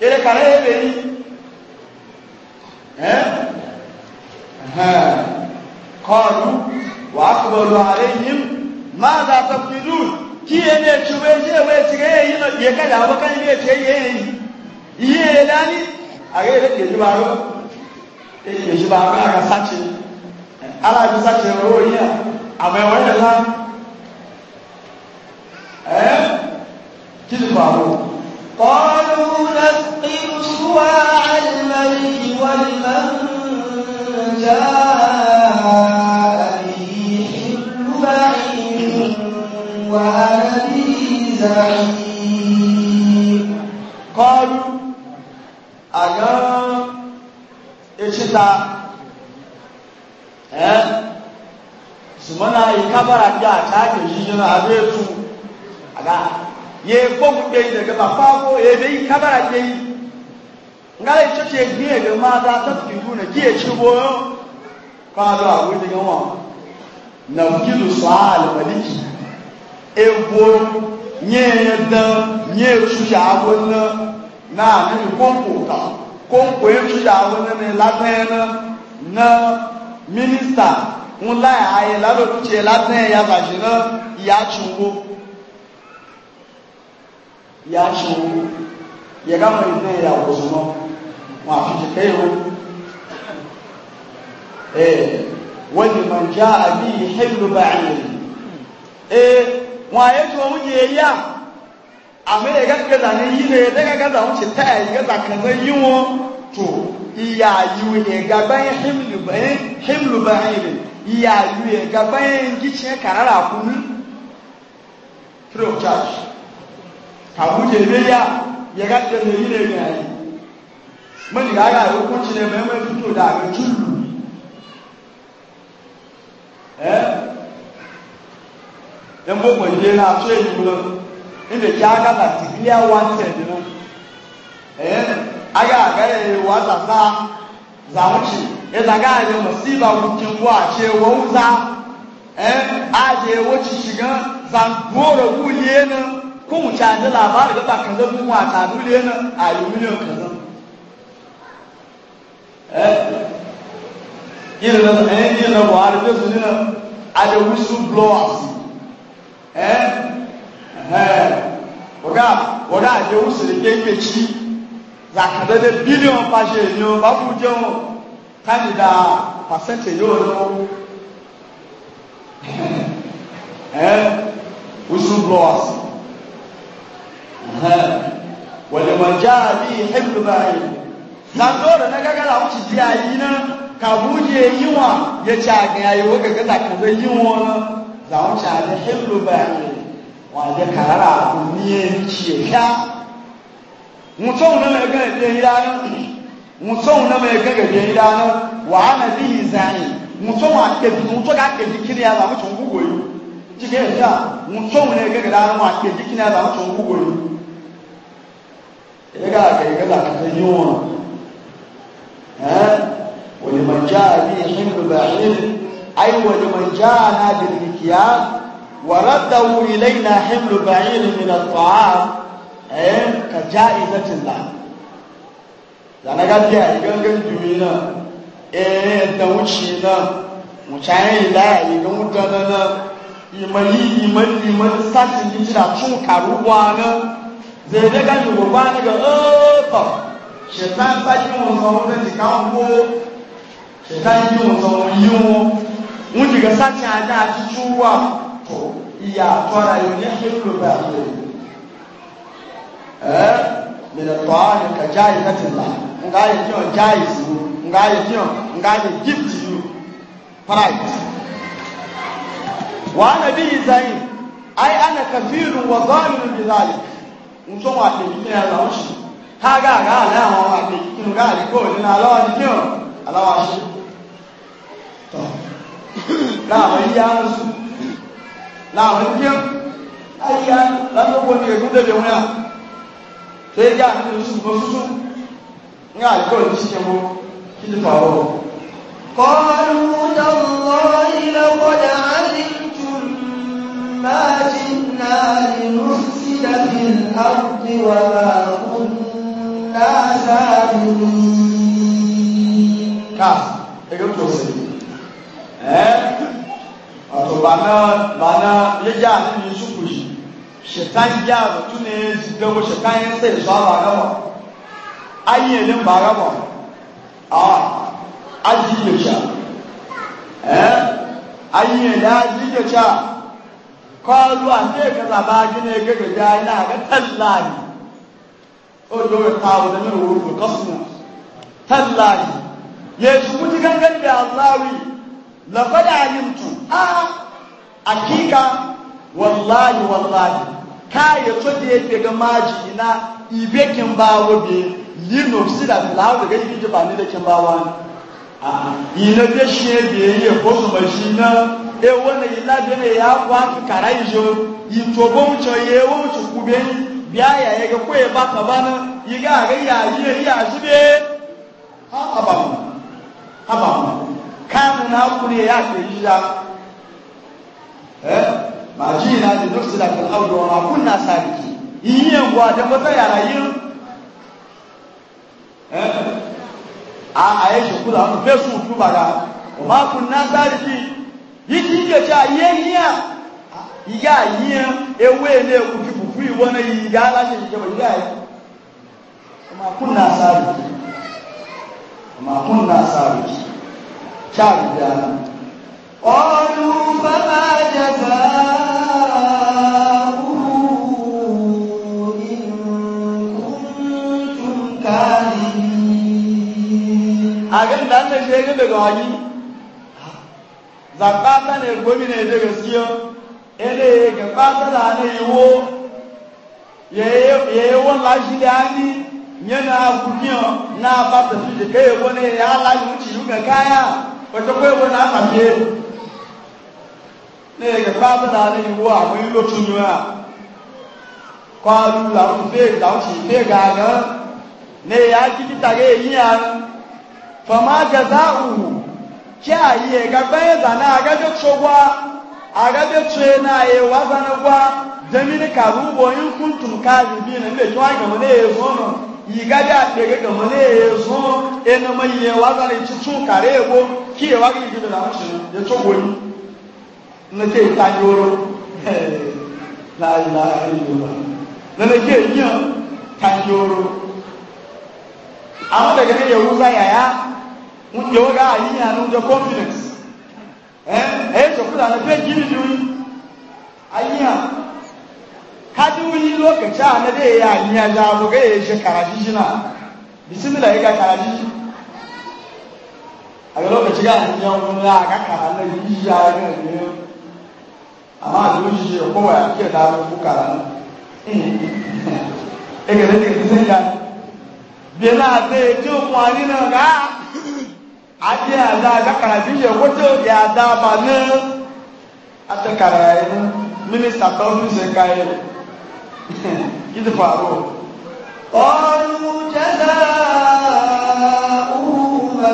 ele kana ye beni kọlu wa akọbọlu alehim maza tafilun kí yé ne tube ṣe wé tigẹ yé yi yé kada abọ kan yé tigẹ yé yi yé yé dani àgẹ yé kejì bá rọ kejì bá rọ àgà sátì ala yẹ sátì rọ wọ yíyà àmọ ẹwọ yẹ lá ẹ kí ni bá rọ. قالوا نثقل سواع الملك ولمن جاء به حمل بعير وأنا به زعيم قالوا أنا إشتا sumana yi kabara ja ta ke yi yana abetu aga ye gbogbo gbe daga bafa ko ye bai kabara gbe ngala ita ce gbe ga mata ta tuku na ke ci boyo kwado a wuri ga wa na kilu sa'al maliki e bo nye da nye su ya wonna na ni konko ta konko e su ya wonna ne latena e na minister ńlá ààyè lálòtúnṣe látẹ̀ yàtàṣe náà ìyá tún wo ya ṣòwò yẹ ká mọ̀ ìpín ìyà òṣù mọ́ wọn àfihàn kẹ́yọ̀ o wọ́n ni mọ̀ já àbí ìhẹ́lú bá ẹ̀yìn ẹ̀ wọn àyè tí wọ́n yẹ yá àmì ẹ̀gá kẹta ní yí lè ẹ̀dẹ́gá kẹta wọn ti tẹ́ ẹ̀gá kẹta kan náà yí wọn tó ìyà yìí ẹ̀gá báyìí hẹ́lú bá ẹ̀yìn ìyà yìí ẹ̀gá báyìí ń kí tiẹ̀ kàrà rà fún mi free of charge kabuje beya ya ga da ne ne ga yi mun ga ga hukunci ne mai mai fito da ga tullu eh dan bo mo je na so yi bulo inda ya ga da tibiya one cent ne eh aga ga wa ta sa zamuci ya zaga ne musiba hukuncin wa ce wauza eh aje wuci shiga zan dora kuliye nan kun ca ji labarin gaba ka zan kuma ta dule na a yi miliyan ka zan yin na ɗayan yin na buhari bai su nuna a da wisu blowers eh eh waga waga a je wisu da keke ci za ka dade biliyan fashe ne ba ku jan tani da pasente yau ولمن جاء به حمل بعير زندور na gaga da wuce ji ayi na ka buje yiwa ya ci a ga yayi waka ga da kaza ya ga kai ga da kan yunwa ha wani man jaa bi himru ba'id ai wani man jaa na bil mikyal wa raddahu ilaina himru ba'id min at-ta'am eh ka ja'izatin la da na ga ya gangan jumina eh da wuce na mutayen da ya yi ga mutana na imani imani imani satin jira tun karuwa na zèdè ká ní gbogbo á ní kẹ ọ́ tọ̀ ṣètá ń sáyé wọn sọ wọn lẹ́sìn ká ń kó ṣètá ń yí wọn sọ wọn yí wọn wọn jìgẹ sátì àdá àtútù wà tó ìyá àtọ́ra yóò ní ẹgbẹ́ ló bá yẹ ẹ lẹ́nà tọ́ á ní kẹjá yìí láti là nga yẹ kí wọn já yìí sí nga yẹ kí wọn nga yẹ gift yìí pride wàá nàbí yìí sáyìn ayé ana kàfíìrù wà zọ́ọ̀nù nìyí sáyìn ntọ́ wọn àpèjì ní ẹ̀rọ ọ̀hún ṣe ká gàgà àlẹ́ àwọn àpèjì kí n gà nínú aláwọ̀ ní kí aláwọ̀ àṣẹ tọ́ láwọn yíyá ń sùn láwọn kí ayíyá lásìkò ní ẹ̀kú débi wọn yà ṣé yíyá ní oṣù kan ṣoṣo ń gà àlẹ́ ní ṣiṣẹ́ wọn kí ni tọ́ àwọn. قالوا تالله لقد الأرض وما كنا سابقين كاف ẹgbẹ́ tó ṣe ẹ́ ọ̀tọ̀ bàná bàná yíyá àti yusufu yìí ṣètàn yá àròtún ní ìdánwò ṣètàn yẹn ṣe ìṣọ́ àbàrà wọn ayé ẹni bàrà wọn ayé ìyẹ̀ṣà ẹ́ ayé ẹni ayé ìyẹ̀ṣà kọlu àtẹ́ẹ̀kà bàbá gínà gẹ́gẹ́ bí ayé náà gẹ́ tẹ́láàyì ó lórí táwọn ní orúkọ kọ́sùnà tẹ́láàyì yẹ̀sù kú ti gángan bí aláwì lọ́kọ́dà àyíntù á àkíkà wàláyì wàláyì káyè tó di ẹgbẹ́ gan máa jì iná ìgbé kí n bá wọ́n bí lino sí dàbí láwọn gẹ́gẹ́ bí jọba nílé kí n bá wọ́n. ìyẹn bí ṣe é bí èyí èkó sọ̀rọ̀ sí náà. ewo na ilabe na ya kwa kara ijo itobo mucho yewo mucho kubeni bia ya yege ko e baka na yi ga ya yiye ya jibe ha abam abam kamu na kuri ya ke yiya eh majina di nufsi da kan awdo yi kunna sabiki yiye gwa da mata ya yi eh a ayi shukura mu fesu tubaga wa ma kunna sabiki yìí ń jẹ̀jẹ̀ ayé ní à ìyá àyíyàn ewé ilé ewu kí ìwọ́n ìyá aláṣẹ ìjọba ìyá ẹ̀ ọmọ kún náà sáré ọmọ kún náà sáré ṣáàrù dáná. ọdún bàbá jẹba. Agan dan da shi zambata ne gwamina da gaskiya ele gabata da ne yiwo yeye wala shi da ani yana kudiyo na ba ta shi da kai wani ya la yuci yuga kaya wata kai wani aka fiye ne gabata da ne yiwo a wani lokacin Kwa kwalu la un fe da shi fe gaga ne ya kiti tage yi an fama gaza'u kí ààyè ẹ̀gágbẹ́yìn dáná agájọ́tso wá agájọ́tso yẹn náà yẹ wá sáná wá jẹ́mínì kàrúbọ̀ yín kún tùm káàdì bíi nà nílẹ̀ tí wọ́n àgbàmọ́ lé yẹ zọ́n nà yìgájú àgbẹ̀gẹ́ gbàmọ́ lé yẹ zọ́n ẹnu mọ yẹ wá sáná tuntun kàrí èwo kí yẹ wá kí yìí dùnà ṣe ta oúnjẹ ó rà yíyan ní oúnjẹ confidence ẹ̀yẹ́ sọ̀kú lànà pé jí nìyí wí ayíyan kájí wí lókèjì àná dé yẹ àyíyan yà wò ké yẹ ṣe kàrà jíjí náà bisimilá yẹ ká kàrà jíjí àgbẹ̀ lókèjì ká àyíyan wọn náà ká kàrà náà yíyí yà ẹ̀yẹ́ ẹ̀yẹ́ àmọ́ àdúró yíyí ọ̀pọ̀ wà kí ẹ̀dá ló kú kàrà náà ẹ̀gẹ̀dẹ̀ ẹ̀gẹ̀dẹ̀ sẹ́yìn yá bí ẹ̀ náà dé tí ó fún wa nínú ọ̀gá adi ada kakara bi yɛ wote yɛ ada ba ne ate kara yi ne minista tɔ mi se ka yi yi ti fa ro. ɔnu jɛta uhuba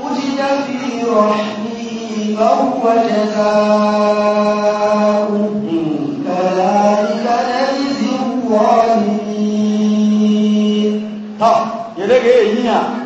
wujida fi rɔhi bawu wa jɛta. Yẹ́dẹ́gẹ́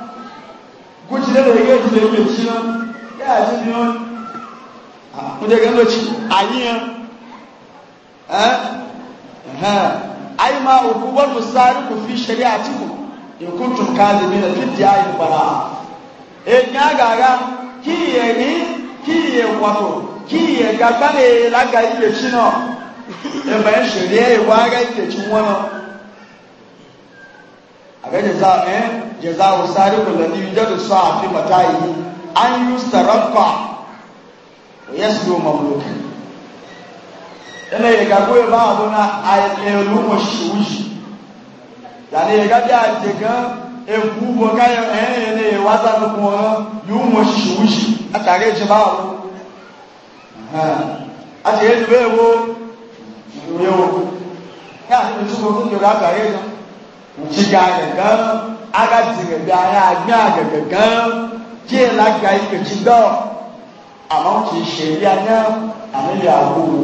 gúúsílẹ̀ lè gé ìdílé ilé tí náà yáà tí ni wọ́n múdé gẹ́ lọ́tí àyíyàn ayi ma òkú wọ́n sáré kò fi ṣẹlẹ̀ àti kù ìkú tún káàdì mi lẹ́tí di ayé gbàrà èèyàn àgàgà kí ìyẹ̀ ní kí ìyẹ̀ wọ̀tò kí ìyẹ̀ gàgbà lè lága ilé tí náà ẹ̀mẹ̀ ń ṣẹlẹ̀ ìwà ara ilé tí wọ́n náà ga jaza eh jaza wa sariqul ladhi yujadu sa'a fi mata'ihi an yustarqa wa yasdu mamlukan ene ye ga ko ba abuna ayelu mo shuji yani ye ga ja jega e ku bo ka ye eh ene ye wa za ko yu mo shuji atare je ba wo ha ati ye be wo yo ya ni su ko ko nciga gangan aga ziga bi aya agbe aga gangan díẹ̀ lága ìkẹ̀jì dọ́ àmọ́ kì í ṣe eré aná àmìlẹ̀ àgbòwò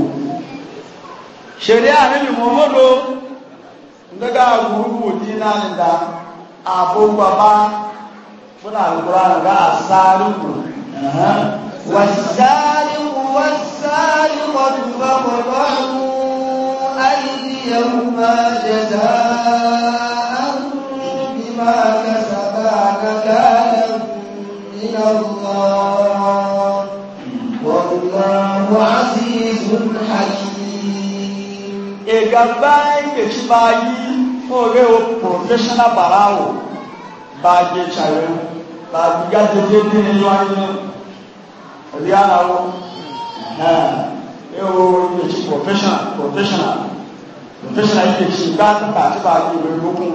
ṣeré àmìlẹ̀ mọ́mọ́dó ndọ́gá àgbòwò ní náà àbò bàbá fún àgbòrò àgbà àsáàrùkù wàsáàrùkù wàsáàrùkù ọdún bàbá ọdún أيديهما جزاء بما كسبا نكالا من الله والله عزيز حكيم إجابة إجباي fóore o professional bàrà o bàjẹ́ ṣàyẹ̀wò bàbí gàdéjé bí ní wáyé rí ara o náà yóò yẹ ti professional professional professional yìí lè ti bá nípa àti bá yẹ ìwé lókun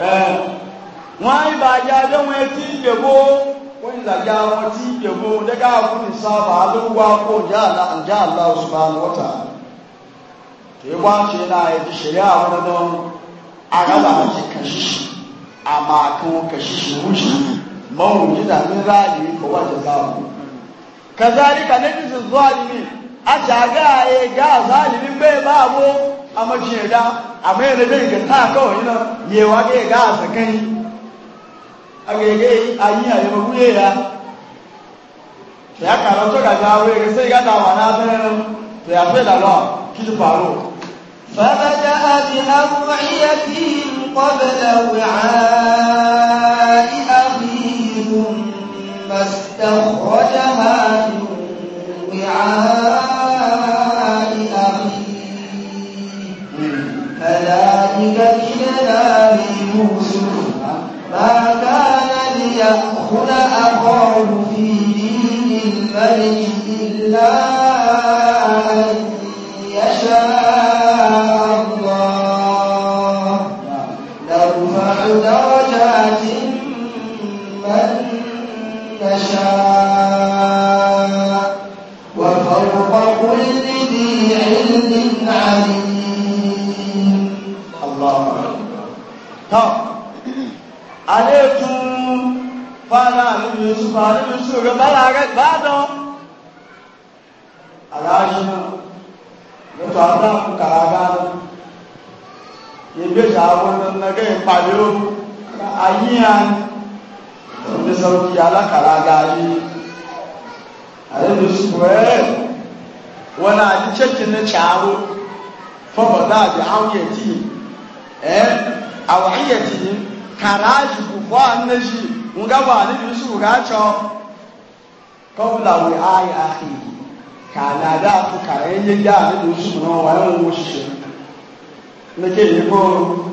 ẹ wọn á ibà yá ẹjọ wọn ti ìgbèbó wọn ìlà yá wọn ti ìgbèbó lẹgà fún ìsáàbà lówó akó ìjà àlà ìjà àlà òṣùpá lọta kì í wá ṣe náà ẹbí ṣẹlẹ àwọn dandan arábà àti kàṣíṣì àmà kan kàṣíṣì wúṣì mọwùn nígbà nígbà yìí kọwájà báwọn kazalika na jisun zuwa ne ashaga e eh, ga zalimi be babo amashi eh, da amai ne dai ga ta kawai na ye wa ga ga sakai agege ayi ayi ba kuye ya ya karanto ga gawe ga sai ga dawa na sanan to ya fe da فبدأ بأوعيتهم قبل وعاء بعد eh awayati karaji kufan nashi nga ba ni su ga cho kawla wi ay akhi kana da ku karayen ya ni su no wa yan wushi ne ke ni ko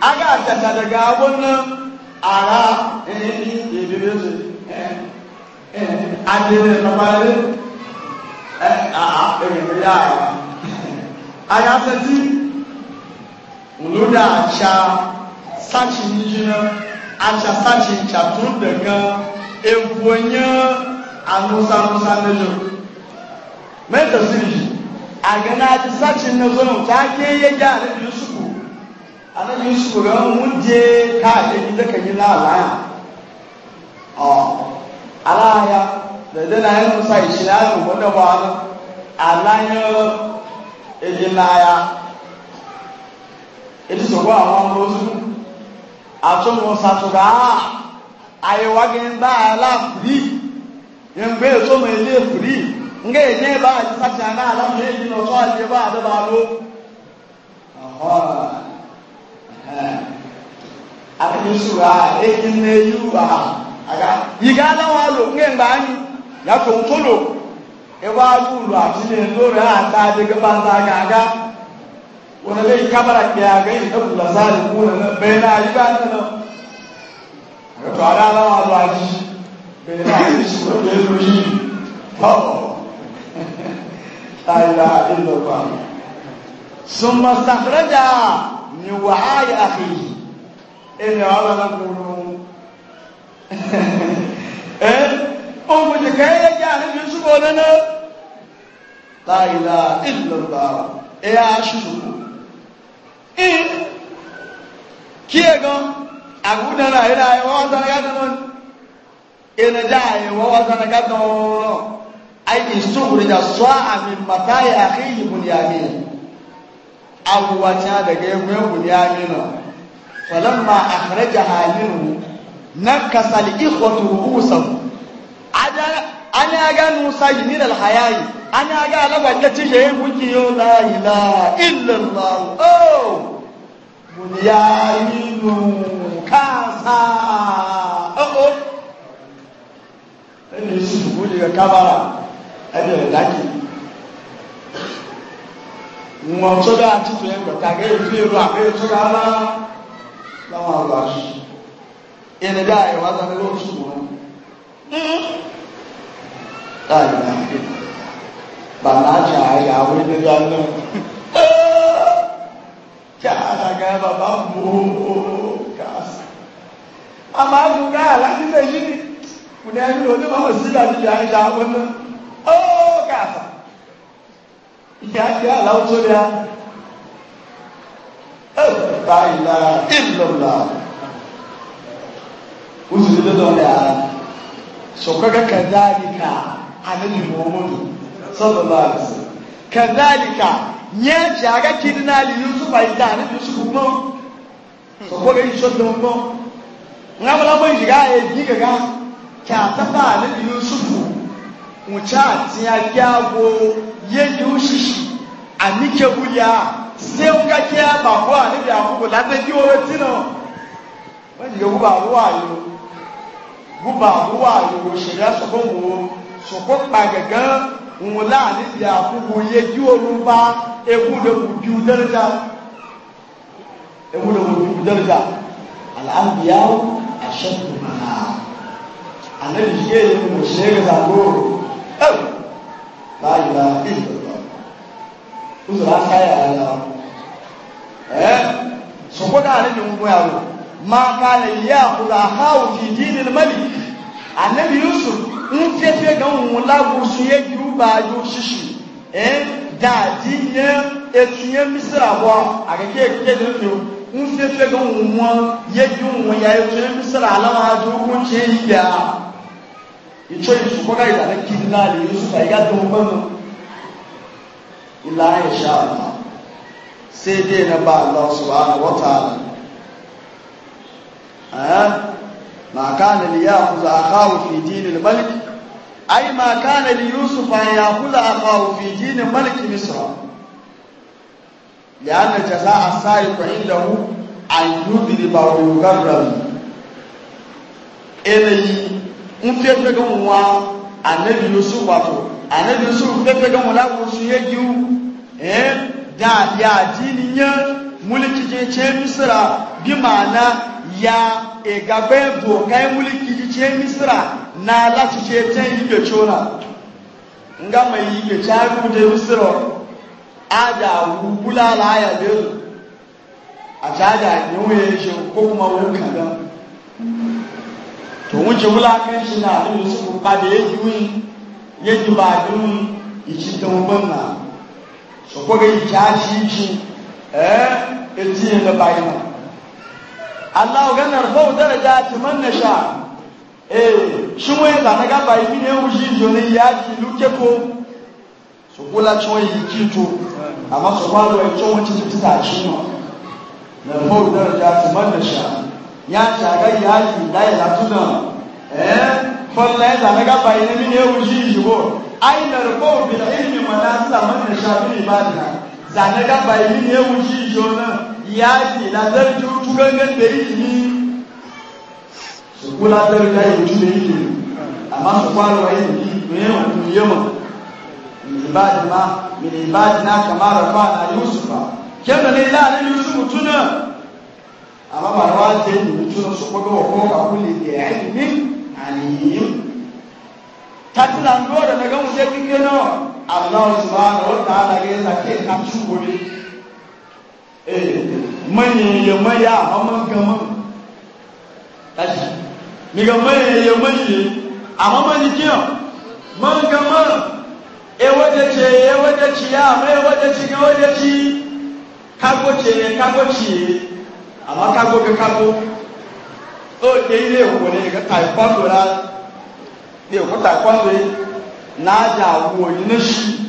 aga tata daga wannan ara eh ni bi bi su eh eh ade ne ba ba eh a a eh ya ayatati uluda acha sachi njina acha sachi chatun daga evonya anusa anusa nejo mẹta siri agana ati sachi nejo na ta ke ye ja ale yusufu ale yusufu ga ŋun die ka ale ni daga nyi la ala ya ọ ala ya dede na ayi musa yi si na ayi mo bọ ne ebi n'aya eti sọ wọn àwọn ọmọ ozu atúmọ̀ sàtúgà àyẹ̀wò agẹnba aláfìrí yẹngbẹ́ nga ẹ̀yẹ bá àti sàtì àná aláfìrí èyí a ewa bulu afine lori ata de gaban ta gaga wani lai kamara kiya ga yi ta kula sa da kuna na bai na yi ba ta nan ga tsara na wa zuwa ji bai na yi shi ko bai zo yi ba ta yi da inda ba sun masakaraja ni wa ayi ahi ina wa na kuru eh on mu je kai da ya ni su ko láìlá ìlọ̀lọ̀bà ẹ̀yà aṣùgbò in kí ẹgan àgúnnára ìlà ẹwọ́wọ́sánagádán ìrìnàjá ẹwọ́wọ́sánagádán ọ̀rọ̀ aiki suhurja sọ àmì màtáyà àkíyì bùnìyàmì awùwàtí àdàgẹ́ ẹgbẹ́ bùnìyàmì náà falamma àkàrẹ́jà hàmìnù náà kàsàlì ìkọ̀tù rúùsàn an ya gano sayi min alhayayi an ya ga alaban da ci yayin kuki yau la ilaha illallah oh bunyaninu kasa oh oh ẹni ìṣubú daga kábàrà ẹni ìdákì wọn tó bá àtúntò ẹgbẹ tàgé ìfẹ́ ìlú àgbẹ̀ tó bá bá láwọn àgbà ẹni bí àyẹ̀wò àtàlẹ́wò ṣùgbọ́n ɗaya ba na ce a yawon da zanen ta ana gaba ba mu kasa amma kun ga alhaji da shi ne kuna yi da wani mamar sila ji da ya oh kasa ya ce alhauto da ya ba ila illallah annabi muhammadu sallallahu alaihi wasallam kazalika nye jaga kidina li yusuf aida annabi yusuf mo so ko gani so don mo nga bala mo jiga e diga ga ka ta ba annabi yusuf mu cha ti agyago ye yushishi anike buya se nga ke ba ko annabi akugo la te diwo tino wani ga buba ruwa yo buba ruwa yo sheria so bon wo soko kpage gan ŋula ani bia kuku yedzi olu ba eku ɖe kudu dɛrɛdza eku ɖe kudu dɛrɛdza alhamdulilayi asɔ kuma ale yi ke mo se ka do ɛw laayi la eyi lɔlɔ o sɔrɔ aka yà la ɛ soko ka ale ni ŋgo yà lò maa ka le yà kura ha o ti di ni mali anabi yusuf ń fẹ́fẹ́ gan òun lágùsù yẹ yorùbá yóò ṣíṣì ẹ dàdí yẹ etu yẹ mísírà wọ àkẹkẹ ẹkẹ ló fi ń fẹ́fẹ́ gan òun wọn yẹ ju òun ya etu yẹ mísírà aláwọ adó wọn ṣe é yà ìtọ́ ìtùkọ́ ká ìlànà kìdí náà lè yusuf àyíká tó ń gbọ́nà ìlànà ìṣá àná sédé náà bá a lọ sọ̀rọ̀ àwọn wọ́tà ma kana li ya'khudha akhahu fi dinil malik ai ma kana li yusuf an ya'khudha akhahu fi dinil malik misra لأن جزاء السائق عنده أن يضربه غرا eléyìí ń fẹ́fẹ́ gan wa anabi yusuf wàtò anabi yusuf fẹ́fẹ́ gan wọn láwọn oṣù yẹn jíw ẹ́ dáadé àdínìyàn múlẹ̀ jíjẹ ṣẹ́ mísírà bí màá na ya igagbe e dokai e mulki jice misira na latice can yi ke cona nga mai yi ke caru da a aja wubula la ya a caja e ko to wuce wulakan shi na abin da ya yi wuni ya ji ba dun ga iji eh Allah ga narfau daraja ti man nasha eh shi wai na ga bai bi ne wuji jone ya ji luke ko su kula ci wai ki to amma su fara wai to wani ci ta shi ma narfau daraja ti man nasha ya ta ga ya ji dai la tuna eh kullai da na e, ga bai ne bi ne wuji ji ko ai narfau bil ilmi wa la man nasha bi ibadina da na ga bai ne wuji jone yaki la zan ju tu gangan da ilimi su kula zan da yi ju da ilimi amma su kwalo wa ilimi ne yawan ne yawan min ibadi ma min ibadi na kamar rafa na yusufa kyan ne la ne yusufu tuna amma ba rawa ce ne tuna su kwaga wa kuma ka kulle da ilimin alim tatilan dole daga mu je kike nawa Allah subhanahu wa ta'ala ya sake kan shi gobe manyeye manya ahama gama tashi miga manyeye manyeye ahama nikiya man gama e waje ce e waje ci ya mai waje ci ga waje ci kago ce kago ci amma kago ga kago o de ile ko ne ga taekwondo la ne ko taekwondo na ja wo ni shi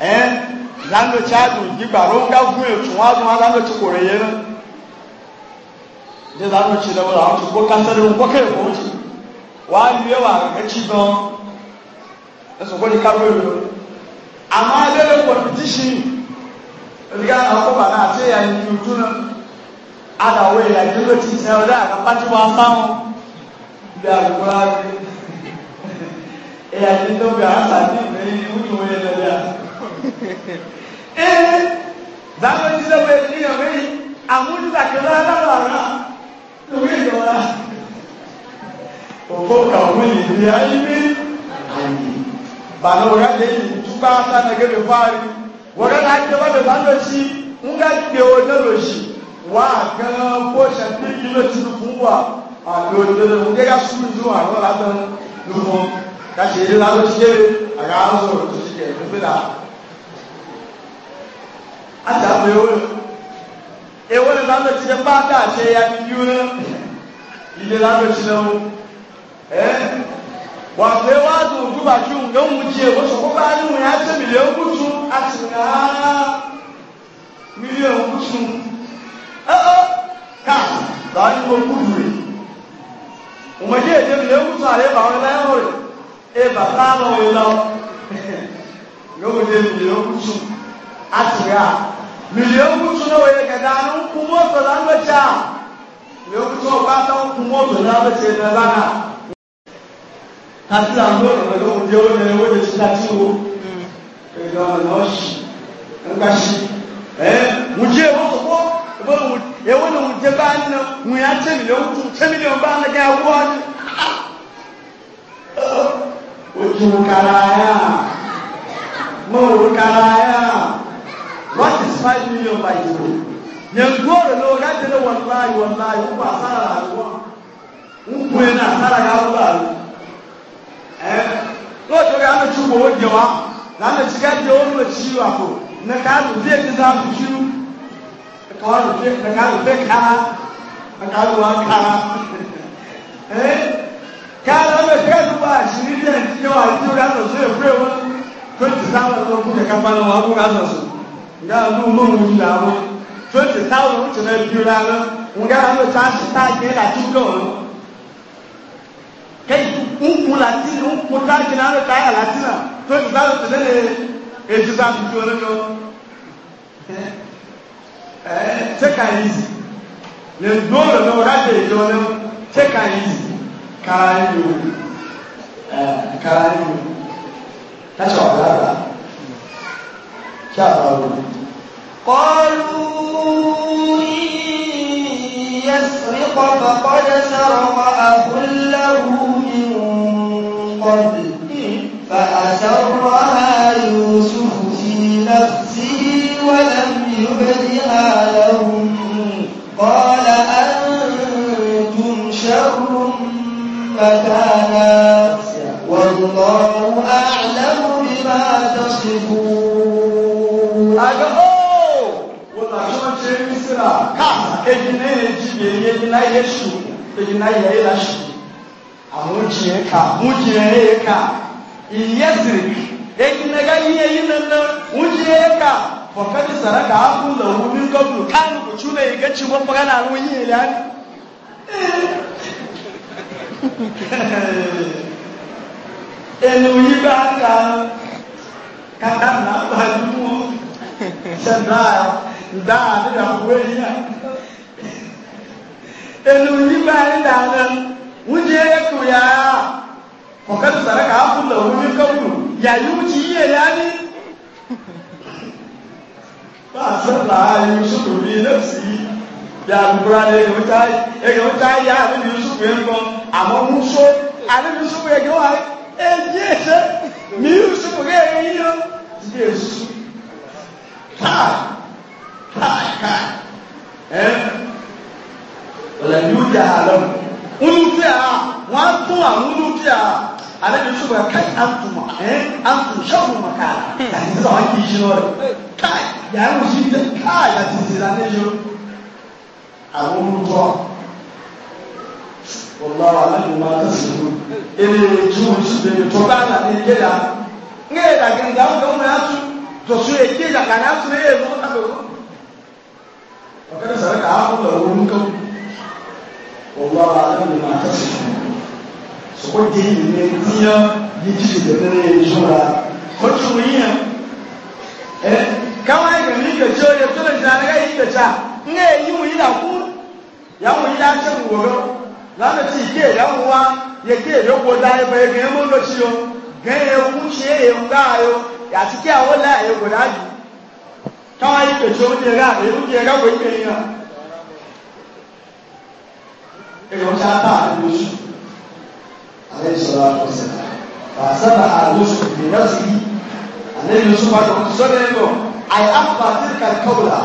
eh lánàá tí a dùn yìí gbà ló ń gá gún ètò wọn á dùn wọn lánàá tí kò rè yé náà ní lánàá tí lọ́wọ́ làwọn tó gbó kásẹ́rẹ́ wọn gbọ́kẹ́ èkó ń jì á lé wà ẹtí gan ẹsùn kó ní ká lóyún lọ alẹ́lẹ́ kọ̀mpìtíṣì ẹ̀dígá náà kọ́ bàbá àti ẹ̀yà ìlú ojú náà àdàwọ̀ ẹ̀yà ìdílé ti sẹ́ ọ̀dà àkàpàtì wọn fáwọn bí àgùkọ ẹ̀yà ìdílé tó bí àásà ní ìgbẹ́ yìí wúni wọ́n yẹ lọ́dẹ̀ ee eh, dáhùn ti sẹ́wọ́ ẹni ọ̀rẹ́ yìí àmúlùdà kẹlẹ́ aláwọ̀ àrà lórí ìjọba òkò kàwé ìdí ayé mi bàlá wọ́n lé ìtúgbà sànàgé mi fárí wọ́n lé àjọba mi bàlá sí ń gà gbé wọn náà lọ sí wà gan bó ṣe fi kíló ti fún wa àlọ́ ìdílé wọn gẹ́gà sùn ju àwọn làtọ̀ lùmọ́ kàṣẹ́ ìdílé làwọn ti kéré àgbà àwọn sọ̀rọ̀ tó ti kẹ̀ fún mi là àtàwọn ewé ewé ni lánàá ti dẹ pátá àti ẹyà ni yíwú náà ilé ti náà ẹ wà pé wá dùn dùbà kí òun gẹ́ òun jí èwo sọ kópa ní òun yà á tẹ̀mí lé ogún tún àti nà á mílíọ̀nù ogún tún ẹ ọ ká làá ní ogún rè òmòdì èdè mi lé ogún tún àlè bàwọn ẹ náà rè ẹ bàtà àwọn ẹ náà yóò dé mi miliyan kutu na waye ga danin kuma ta lambaca ya kutu ba ta kuma ta lambace na rana kasi an zo daga ga wuje wanda ya wuje shi ta ciwo ga wani shi an gashi eh wuje ba ko ko ba ya wani wuje ba ni mu ya ce miliyan kutu ce miliyan ba na ga kuwa ni wuju karaya mu karaya What is five million by zero? Yanzu da lo ga ta da wallahi wallahi ku ba sara rayuwa. Mun ku yana sara ya ba. Eh, lo to ga ana chugo wajewa. Na na chiga je wani ciwo ko. Na ka zu zai ji za mu shiru. Ka wa rufe ka ka rufe ka. Ka ka ruwa ka. Eh, ka la me ka ruwa shi ne da cewa ji ga zo zai fure wani. Kun ji za mu zo ku ka kamar wa ku ga zo su nga nu mo mu yi la mo twenty thousand o tẹ̀lé bi la lọ nga ló tẹ asi tá a la ti dọ̀ lọ kẹ́yì nkun la ti nkun tá a jẹ la ló tẹ ayà la ti la twenty thousand tẹ̀lé lé ètùtù àtúntò lé lọ ẹ tẹ́ka yìí lè dó lọ lọ wọ́n adé ìjọ lọ tẹ́ka yìí kàrà yìí o ẹ kàrà yìí o tẹ́sán ọ̀gá àgbà kí àgbà wò. قالوا إن يسرق فقد سرق أخ له من قبل فأسرها يوسف في نفسه ولم يبدها لهم قال أنتم شر والله أعلم بما تصفون àtúnṣe mísírà káàsà kejì náà yẹ jí yẹ yẹ yẹ náà yẹ ṣù kejì náà yẹ yẹ la ṣù àwọn jìnyẹ ká àwọn jìnyẹ yẹ ká ìyẹsìrì èyí nàgá yíyẹ yí nàná àwọn jìnyẹ yẹ ká fọkàtí sàràkà àkú làwọn omi gbọdọ káàní kò tún lè yí kẹ́tì wọn fọkà náà àwọn yìnyẹ yẹ lẹ́yìn. ẹnu yí bá ká kàkà nàá bá dúró sẹ́ńtà ndaa ne da wo yia enu nipa ne da na wunye eku ya kɔkɛ ti sara k'a kun na wuli kawulu yayi wutsi yie yaani baasa laa yusufu bi nefsi yalukura ne yewuta yewuta ya ale bi yusufu yɛ ŋgɔ amɔ muso ale bi yusufu yɛ gɛwa edie se mi yusufu yɛ yɛ yiyɔ ti yɛ susu taa káàká ẹ́ ọ̀là yóò dà á lọ́nà onúkìá wọn á tún àwọn onúkìá alẹ́bi sọ ma káì àtùmọ̀ ẹ́ àtùmọ̀ sọ́ọ̀mù ma káà láti sísọ wọn kì í ṣe lọ́rẹ̀ káì yàrá wò sí ilé káì láti sísè lánà yó àwọn olùkọ́ wọláwà alẹ́bi wọn á tẹ̀sí wọn ẹni tí wọn sì bẹ̀rẹ̀ tó bá nà ní ilé yà ń gé ìdàgẹ̀ǹdà wọn kẹ́ yà tún tọ̀sùn èké ìdàgànnà tún وكان سألك عاقل لو منكم والله أعلم بما تصفون سقط دي من الدنيا يجي بدنا يجورا كنتم إيه kama yi gami ka ciyo ya tuna jina na yi da ca nga yi mu yi da ku ya mu yi da ce mu gogo za mu ci ke ya mu wa ya ke ya ko da ya bai ga mu lo ciyo ga ya ku ce ya mu ga ayo ya ci ke awola ya go da ju káwá yìí kẹ̀kẹ́ oúnjẹ rà èrú jẹ káwé kẹyìn rà èròjà bá àlóṣù alẹ́ ìṣọ̀rọ̀ àkọsẹ̀ wàásàbà àlóṣù ìrẹsì yìí alẹ́ ìlóṣù bá tọ̀ sọ́dọ̀ ẹ̀ lọ àyè àpá tìrìkà kọ́wùlà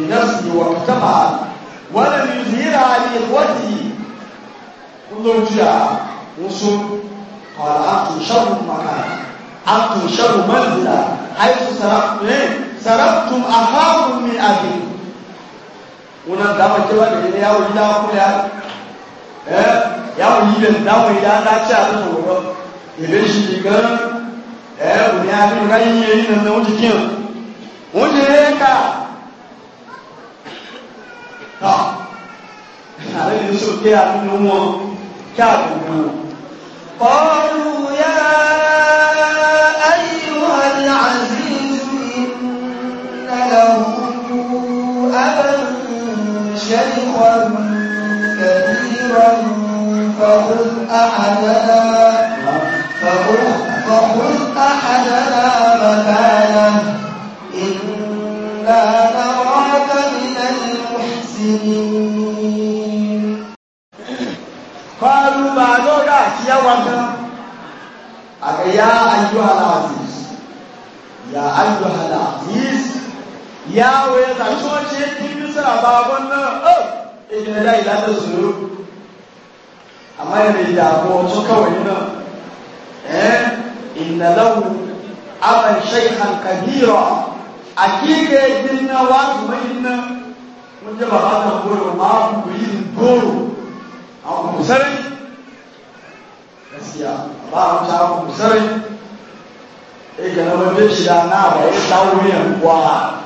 ìrẹsì yìí wà kùtàmà wọn lè ní ìlera ayé wọ́dì ńlọ́jú à ńsọ kọ̀ọ̀lá àtúnṣàrù màkà àtúnṣàrù mọ́lìlá àìsùn sàrà fún ẹ̀ taraktum ahakum min abi wannan da mace ba da ne yawo ya kula eh yawo yi da dawo ya da ci a cikin gobe idan shi ga eh wani ya fi ran yi yi nan wuce kin wuce ka ta tare da su ke a cikin mu ka ku قالوا يا أيها العزيز له أبا شيخا كبيرا فخذ أحدنا فخذ أحدنا مكانه إنا نراك من المحسنين قالوا بعدك يا وطن يا أيها العزيز يا أيها العزيز yawo ya zaci wace ya fi bisa babban nan oh ina da ila da zuru amma yana yi damu wato kawai nan eh inna lahu aban shaykhan kabira akike dinna wa tumainna mun ji ba ta goro ma ku yi goro a ku sarai gaskiya ba mu ta ku sarai e ga na ba shi da na ba ya tawo miyan kwa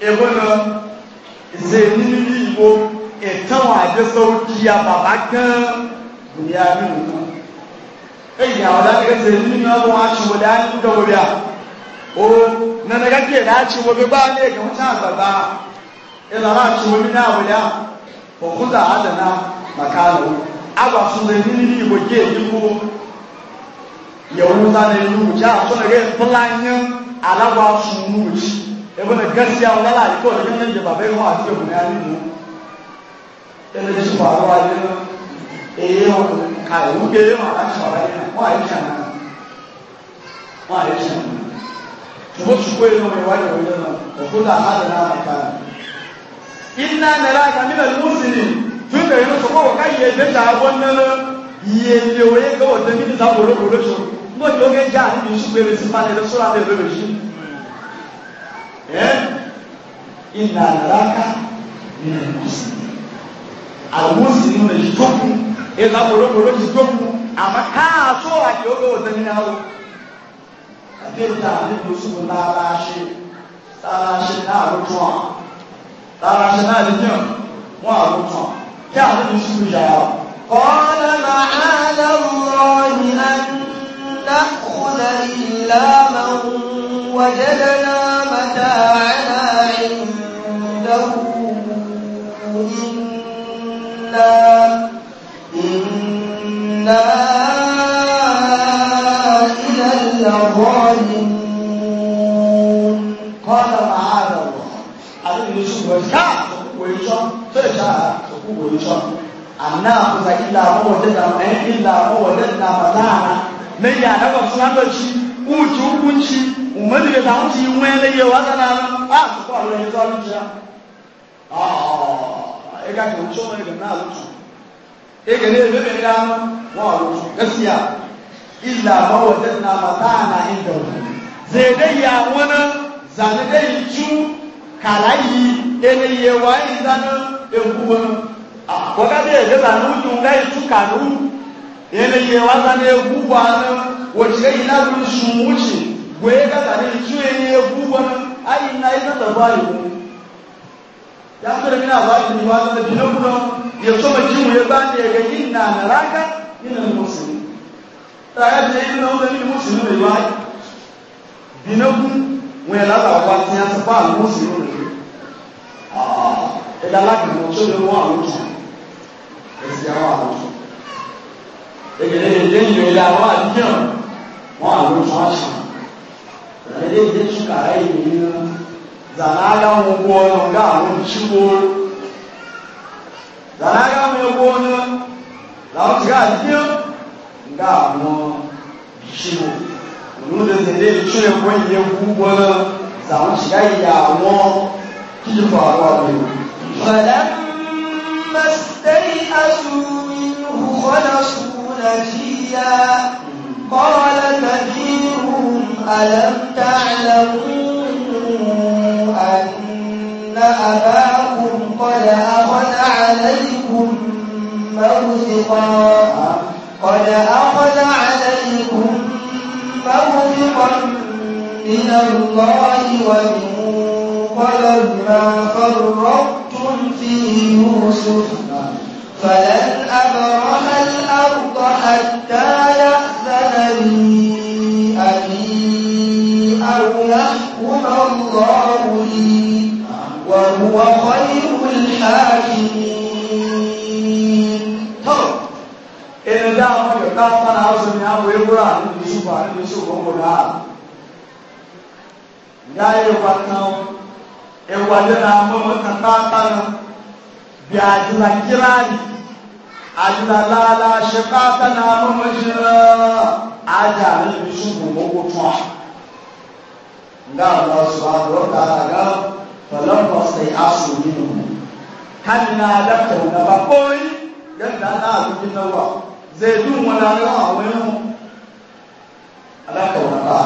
ebona zenini ni ibo etan adesawo kia baba gan dunia mi wò eyi awo da ne ka zenini na wo atsiwo da ne ko dɔwɔ bia o nana ka kie da atsiwo bi ba ne yɛ ŋun tsa baba elara atsiwo mi na awo ya ɔkuta adana maka lo agba so zenini ni ibo kie yi ko yɛ wo sa ne nu tsa so plan nye alagba sunu ebona gaskiya wala alƙawarin nan da babai wa ake mu ya nuna yana ji su faru a yana eye wa ka ruge yi ma ake fara yana wa yi shan nan wa yi shan nan kuma su koyi ma mai wani wani yana da kuma hada na mai kana inna na raka min al-musini tun da yana su kowa kai ya jeta wannan iye ne waye ga wata mini za ìnà àdáká nínú ìmọ̀sí àwọn sì nínú èyí tó kù ìlà pòlópòló ti tó kù àmọ́ káàtó àti ọgbẹ́ òtẹ́ nínú àwọn àdéhùtà nínú sùnmù lára ṣe lára ṣe náà ló tún ọ lára ṣe náà lè jẹun wọn àló tún ọ kí àwọn ènìyàn sùnmù yà ọ. قال معاذ الله أن نأخذ إلا من وجدنا متاعنا عنده إنا, إنا إذا لظالمون قال معاذ الله عليه يوسف ويشاء ويشاء فيشاء ويشاء أن نأخذ إلا ما وجدنا إلا ما وجدنا متاعنا من يعلم سنة الشيء وجوب الشيء umani da zamu ci wani ne a ko Allah ya a e ga ko so ne na lutu e ga ne be be da wa lutu gaskiya ya wani zane dai ju kalayi ene ye wa izana ewu wani wakati ya zana lutu ngai tu kanu ene ye wa zane ewu wani ina lutu ni ju ni ebu bana ayi na ina ah, e da ba yi ya so da mina ba ni wa da bi na kuma ya so ma ji mu ya ba ni ga yin na na raka ina musulmi ta ya da yin na wani musulmi ne ba bi na kun wọn yẹn lára wa ti yàn sọ fún àwọn musulmi ne ẹ̀dá láti mọ̀ tó lè wọ́n àwọn musulmi ẹ̀sìn àwọn àwọn musulmi ẹ̀gẹ̀dẹ̀ lè dé ìrẹ̀lẹ̀ àwọn àdìyàn wọn àwọn musulmi da dai da shi ka rai ne zana ga mu gona ga mu cibo zana ga mu gona la mu ga dio ga mu cibo mu da zai dai cire kun ya ku gona za mu shiga ya mu ki faruwa ne فلما استيئسوا منه خلصوا نجيا قال نبيهم ألم تعلموا أن أباكم قد أخذ عليكم موثقا قد أخذ عليكم موثقا من الله ومن قبل ما فرطتم في يوسف فلن أبرح الأرض حتى يأذن لي أبي أو يحكم الله لي وهو خير الحاكمين إن دعوا في قطع العظم يا ويبرا نشوف نشوف أمورها gáyé wa kan ẹwà lẹ́nu amọ́mọ́ kan bi adula kirari adula lala shekata na mamajira aja alibi shugu mogo twa nga Allah subhanahu wa ta'ala ga falamma sai asu minhu hanna lafta na bakoi dan da na alibi nawa zai dun wala ga awon alaka wa ba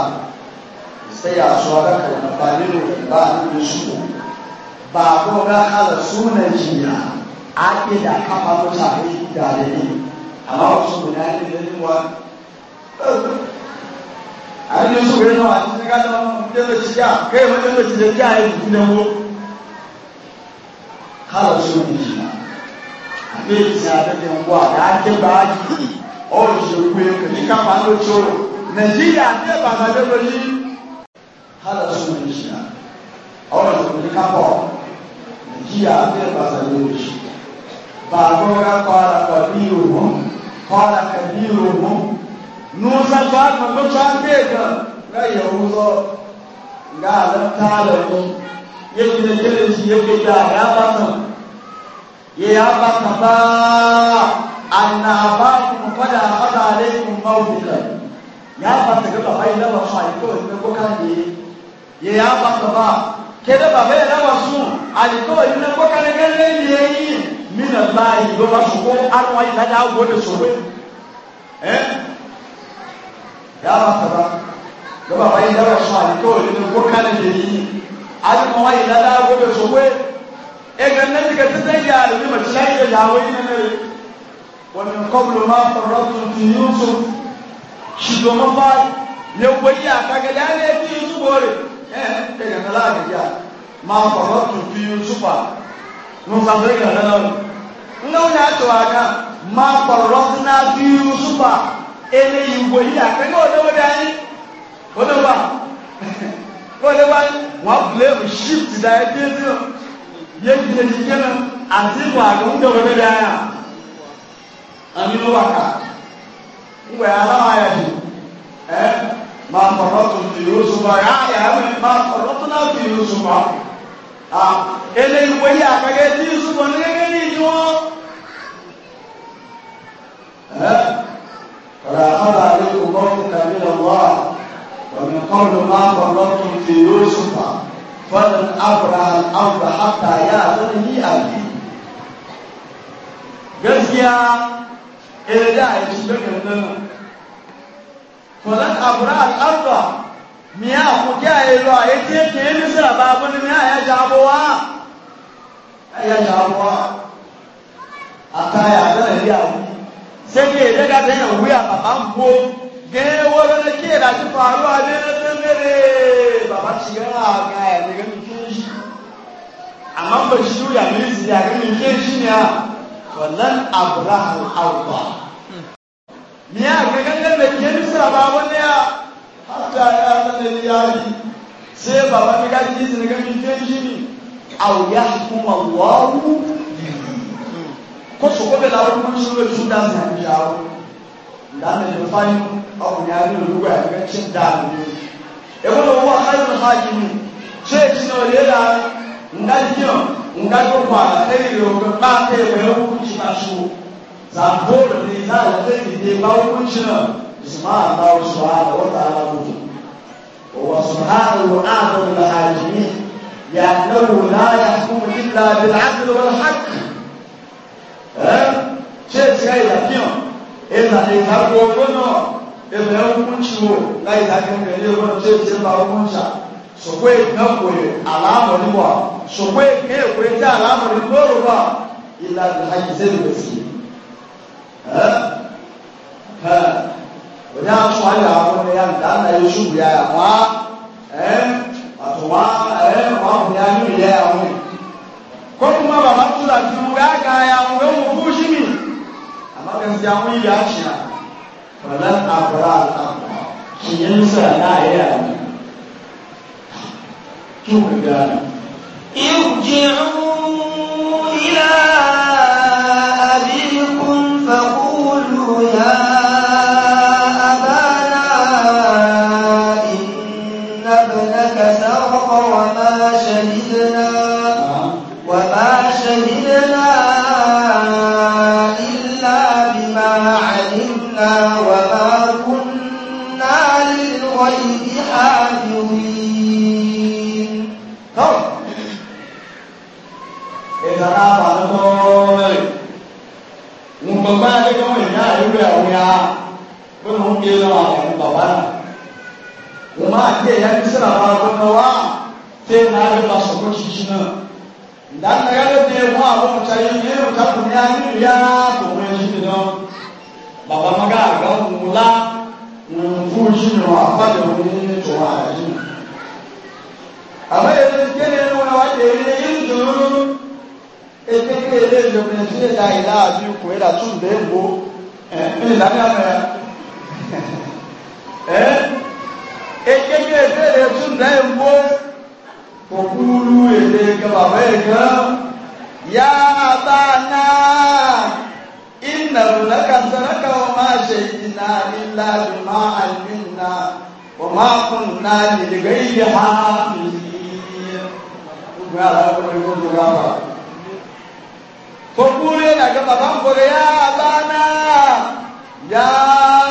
sai asu alaka wa ba ne ba alibi ba ko ga hala sunan jiya ake da kafa ko sabai da da ni amma wasu guda ne da ni wa a yi su guda wa ta ga da mutum da shi ya kai wani da shi ya yi gidan mu hala sunan jiya abin oh, sa da ne wa da ake ba ki o shi ku ka ni kafa ko choro Nigeria ne ba ga da ni hala sunan jiya ọ̀rọ̀ ìṣòro ní kápọ̀ jiya abin basare da shi ba gora kwara kwabiruhun kwara kabiruhun nusan ba ka mutan bega ga yahuzo ga alanta da ni yake da kirin shi yake da ya bata ya ya bata ba a ba ku fada hada alaikum mawdika ya bata ga ba ai da ba sai ko ne ko kan ne ya ya bata ba kede baba yɛ n'awa sun alikɔ yi na kɔ kanaka lɛ yie yi mina ba yi lɔ ba sun ko anu ayi la y'a wo de sɔrɔ yi eh? ɛ yaba saba lɔ baba yi n'awa sun alikɔ yi na kɔ kanaka yi alikɔ ayi la y'a wo de sɔrɔ yi ɛ nka ne ti ka tete yi a yi ma tiɲɛ yi yɛ yawo yi ẹ̀yàn kan láàrin yà máa fọ̀rọ̀ tù fi yusufa nùsàtò ìyàn náà nínú ní to àga máa fọ̀rọ̀ tù náà fi yusufa ẹni ìwò yìí àpẹ́kẹ́ òdòwò dání òdòwà òdòwà wọn blame shift dá ẹbí ẹbí ọ yé jìnnà jìnnà náà àti ìwà àgbọn òdòwò dání à àmì ló wà ká ń wẹ̀ aláwọ̀ ayà jù ẹ́. ما فرطوا في يوسف يا يا ما فرطنا في يوسف آه إلي وهي أكاد يوسف نغني جوا ها قد أخذ عليكم ربك من الله ومن قبل ما فرطتم في يوسف فلن أبرح الأرض حتى يأذن لي أبي gaskiya ɗaya da a yi shi falan abura al'arda miya ku kiyaye lo a yace ke ni sira ba abun miya ya jabowa ya jabowa ataya da ne ya ku sai ke da ga da yan wuya baban ko ge woro ne ke da ci faru a ne na tangare baba ci ga ga ya ne ga mutun shi amma ba shi ya ne ya ga mutun shi ne falan abura al'arda ni a ga gangan da ke nusa ba a ya hata ya zane ni ya yi sai ba wani ga ji zini ga mi ke shi ni au ya kuma wawu ko su ko da labar kuma su da su da su da yawo da ne da fani au ya ni ruwa ya ga cin da ne e ko da wa hayyul hakimi sai ci no le da nda ji no nda ko kwa sai yo ga ba sai yo ku ci ba su Zaboro ne za a zai ne ba hukuncin Ismail Allah subhanahu wa ta'ala mutu. Wa subhanahu wa ta'ala da hajimi ya nau la ya hukumu illa bil adl wal haqq. Eh? Ce ce ya fiyan ina ne ta gogo no ebe ya hukunci wo na ita kan gari ya wani ce ce ba hukunca. So kwe na kwe alamari wa. So kwe ke kwe ta alamari loro ba illa bil haqq zai da 我家穿呀，我那样咱那有树呀，花，哎，啊，花，哎，花不呀，女的呀，我。kwakuma ba matula tuga kaya ngo mubushi mi amaka siyamu ya china wala ya kimuga irji'u ẹ̀dá láàbà lọ́tọ́ọ̀rẹ̀ ń gbọ́ bá ẹgbẹ́ wọn ìyá ìwé àwọn ya pé wọ́n gbé lọ àwọn bàbá náà wọ́n máa gbé ẹ̀yà ní sílẹ̀ àwọn akọ́kọ́ wa tẹ́ náà lè lọ sọ̀rọ̀ ṣíṣí náà ìdáná yá ló dé wọn àwọn ọ̀tá yìí ní ọ̀tá kò ní ayé ìyá tó wọ́n ẹ̀ ṣíṣí náà bàbá mọ́gá àgbà ńlá fún ìṣúná àbájọ ní ìtura àyè. àbẹ́yẹ tó ti kéde ní wọn wá dé ilé yìí ekekele yomine fi eda ila abi ko eda tun de wo ɛn ila mi amɛ ɛn ekekele tun de wo kokulu ele gaba bɛ gan ya ba na ina luna ka sara ka o ma se ina ila luma alimina o ma kun na niligayi ha nili. Gbogbo ala ko ni ko to ka fa gbogbo yana ga baban kore ya bana ya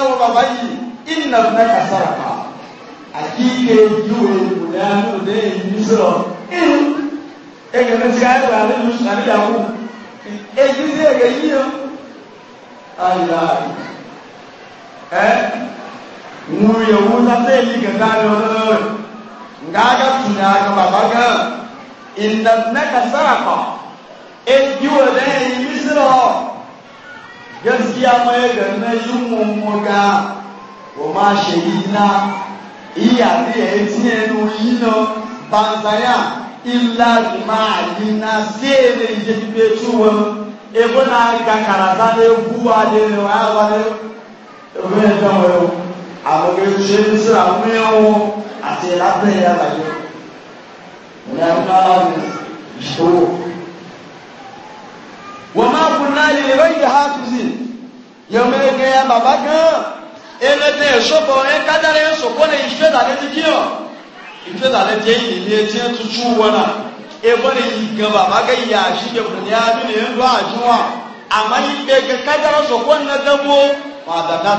wa babayi inna na kasaraka akike yiwe guda mu da yi in ege na ti ayi wa ni musu ani da ku eji ni ege yi o aya eh mu ye wu ta te yi ga da lo lo nga ga tuna ga babaga inna na kasaraka in yi wa ɗayan yi misira gaskiya mai da na yi mummuga wa ma shahina iya ne ya yi tiye no yi no banzaya illa ma yi na sai ne yi ji be ciwon ebo na ga karata ne buwa ne ne wa yawa ne ebe ne ta wayo abuga yi ce misira mu yawo a sai lafiya ya bayo. Wani ya fi kawo ne, shi wọ́n máa kún náà lè rẹ́ yìí ha ya gan ẹlẹ́tẹ̀ ẹ̀ṣọ́bọ̀ ẹ̀ kájára ẹ̀ sọ̀kọ́ lè na ti kí ọ̀ ìfẹ́ dàdé ti ẹ̀yìn ilé tí ẹ̀ tutù wọn náà gan bàbá gẹ́ yìí àṣìṣe kò ní adú lè ń lọ àjú ama àmọ́ ìgbẹ́ ẹ̀gẹ́ kájára sọ̀kọ́ ní ẹ̀dẹ́gbó wọn àdàdà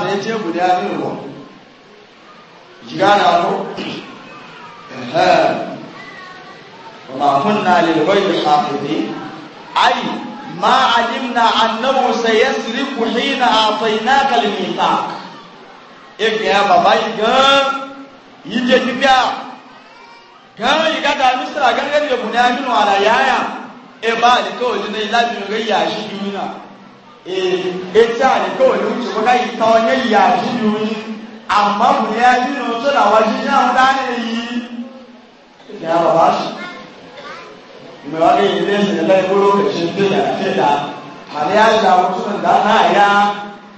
ما علمنا أنه سيسرق حين أعطيناك الميثاق إيه يا بابا يقام يجي تبيع كان يقعد مصر كان غير يبني منه على يايا إيه بعد كل جنة لا تنغي يعشي جمينا إيه إيه تعالي كل جنة وكا يتواني يعشي جمينا أما بني منه صلى وجنة ودعني يا بابا ìmọ̀wárí ilé ìṣẹ̀lẹ̀ ìgbóró ẹ̀ṣẹ̀ gbéyà kéda àrí àṣà òtún ìdá náà yá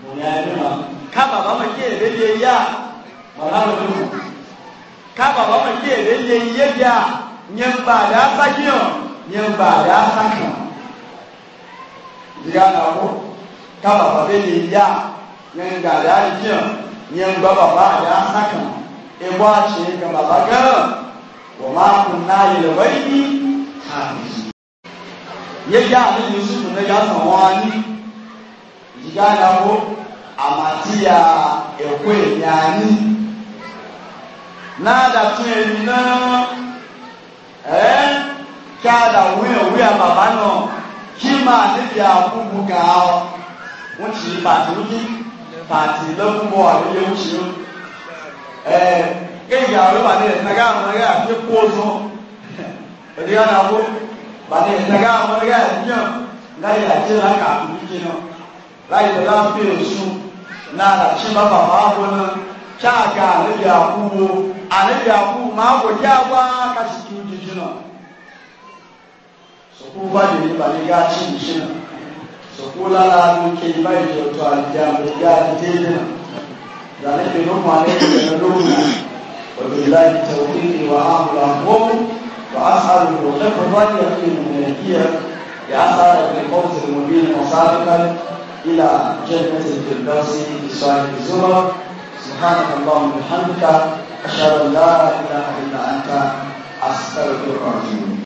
òní ẹni mọ̀ ká bàbá mọ̀ kí èrè lè yá mọ̀láwọ̀ ló mọ̀ ká bàbá mọ̀ kí èrè lè yé yá nyẹ́ ń bà dá sákìyàn nyẹ́ ń bà dá sákìyàn ìdíyà náà wò ká bàbá bẹ́ lè yá nyẹ́ ń bà dá ìkíyàn nyẹ́ ń gbà bàbá dá sákìyàn ẹ̀bọ́ àṣẹ kà bàbá gán wọ́n máa kún náà yẹ lọ́wọ́ yìí. yẹjẹ àmì yusufu nígbà sàn wọn ani yíyá nàbó àmàtìyà ẹkọ ekwe náàdà tún na náà ẹ káàdà wíwẹ wíwẹ bàbá náà kí máa níbi àkókò gà ọ wọn ẹ̀dí ọ̀nà àbó bàtà ìtẹ̀gá àwọn ọ̀gá ẹ̀díyàn láyé àti ìlànà àbúrúkí náà láyé lọ́la ń pè èso náà àti bàbá máa bọ̀ náà ṣáàgà àlejò àkúwo àlejò àkúwo máa bọ̀ dí o kásìkì jíjìn náà sọ̀kú bá lè ní bàlẹ́ gá àti ìṣe náà sọ̀kú lára ló ké báyìí ọ̀tọ̀ àti àbẹ̀gá àti délé náà ìlànà ìpinnu mọ́ àlejò ẹ̀rọ lóhùn ọ̀dọ̀ ìlànà ìtẹ̀wé ìwà àbùrà وأسعد بمطلق ضيق الملكية لأسعد بالفوز المبين مسابقا إلى جنة الفردوس في صالح الزمر سبحانك اللهم وبحمدك أشهد أن لا إله إلا أنت أستغفرك وأتوب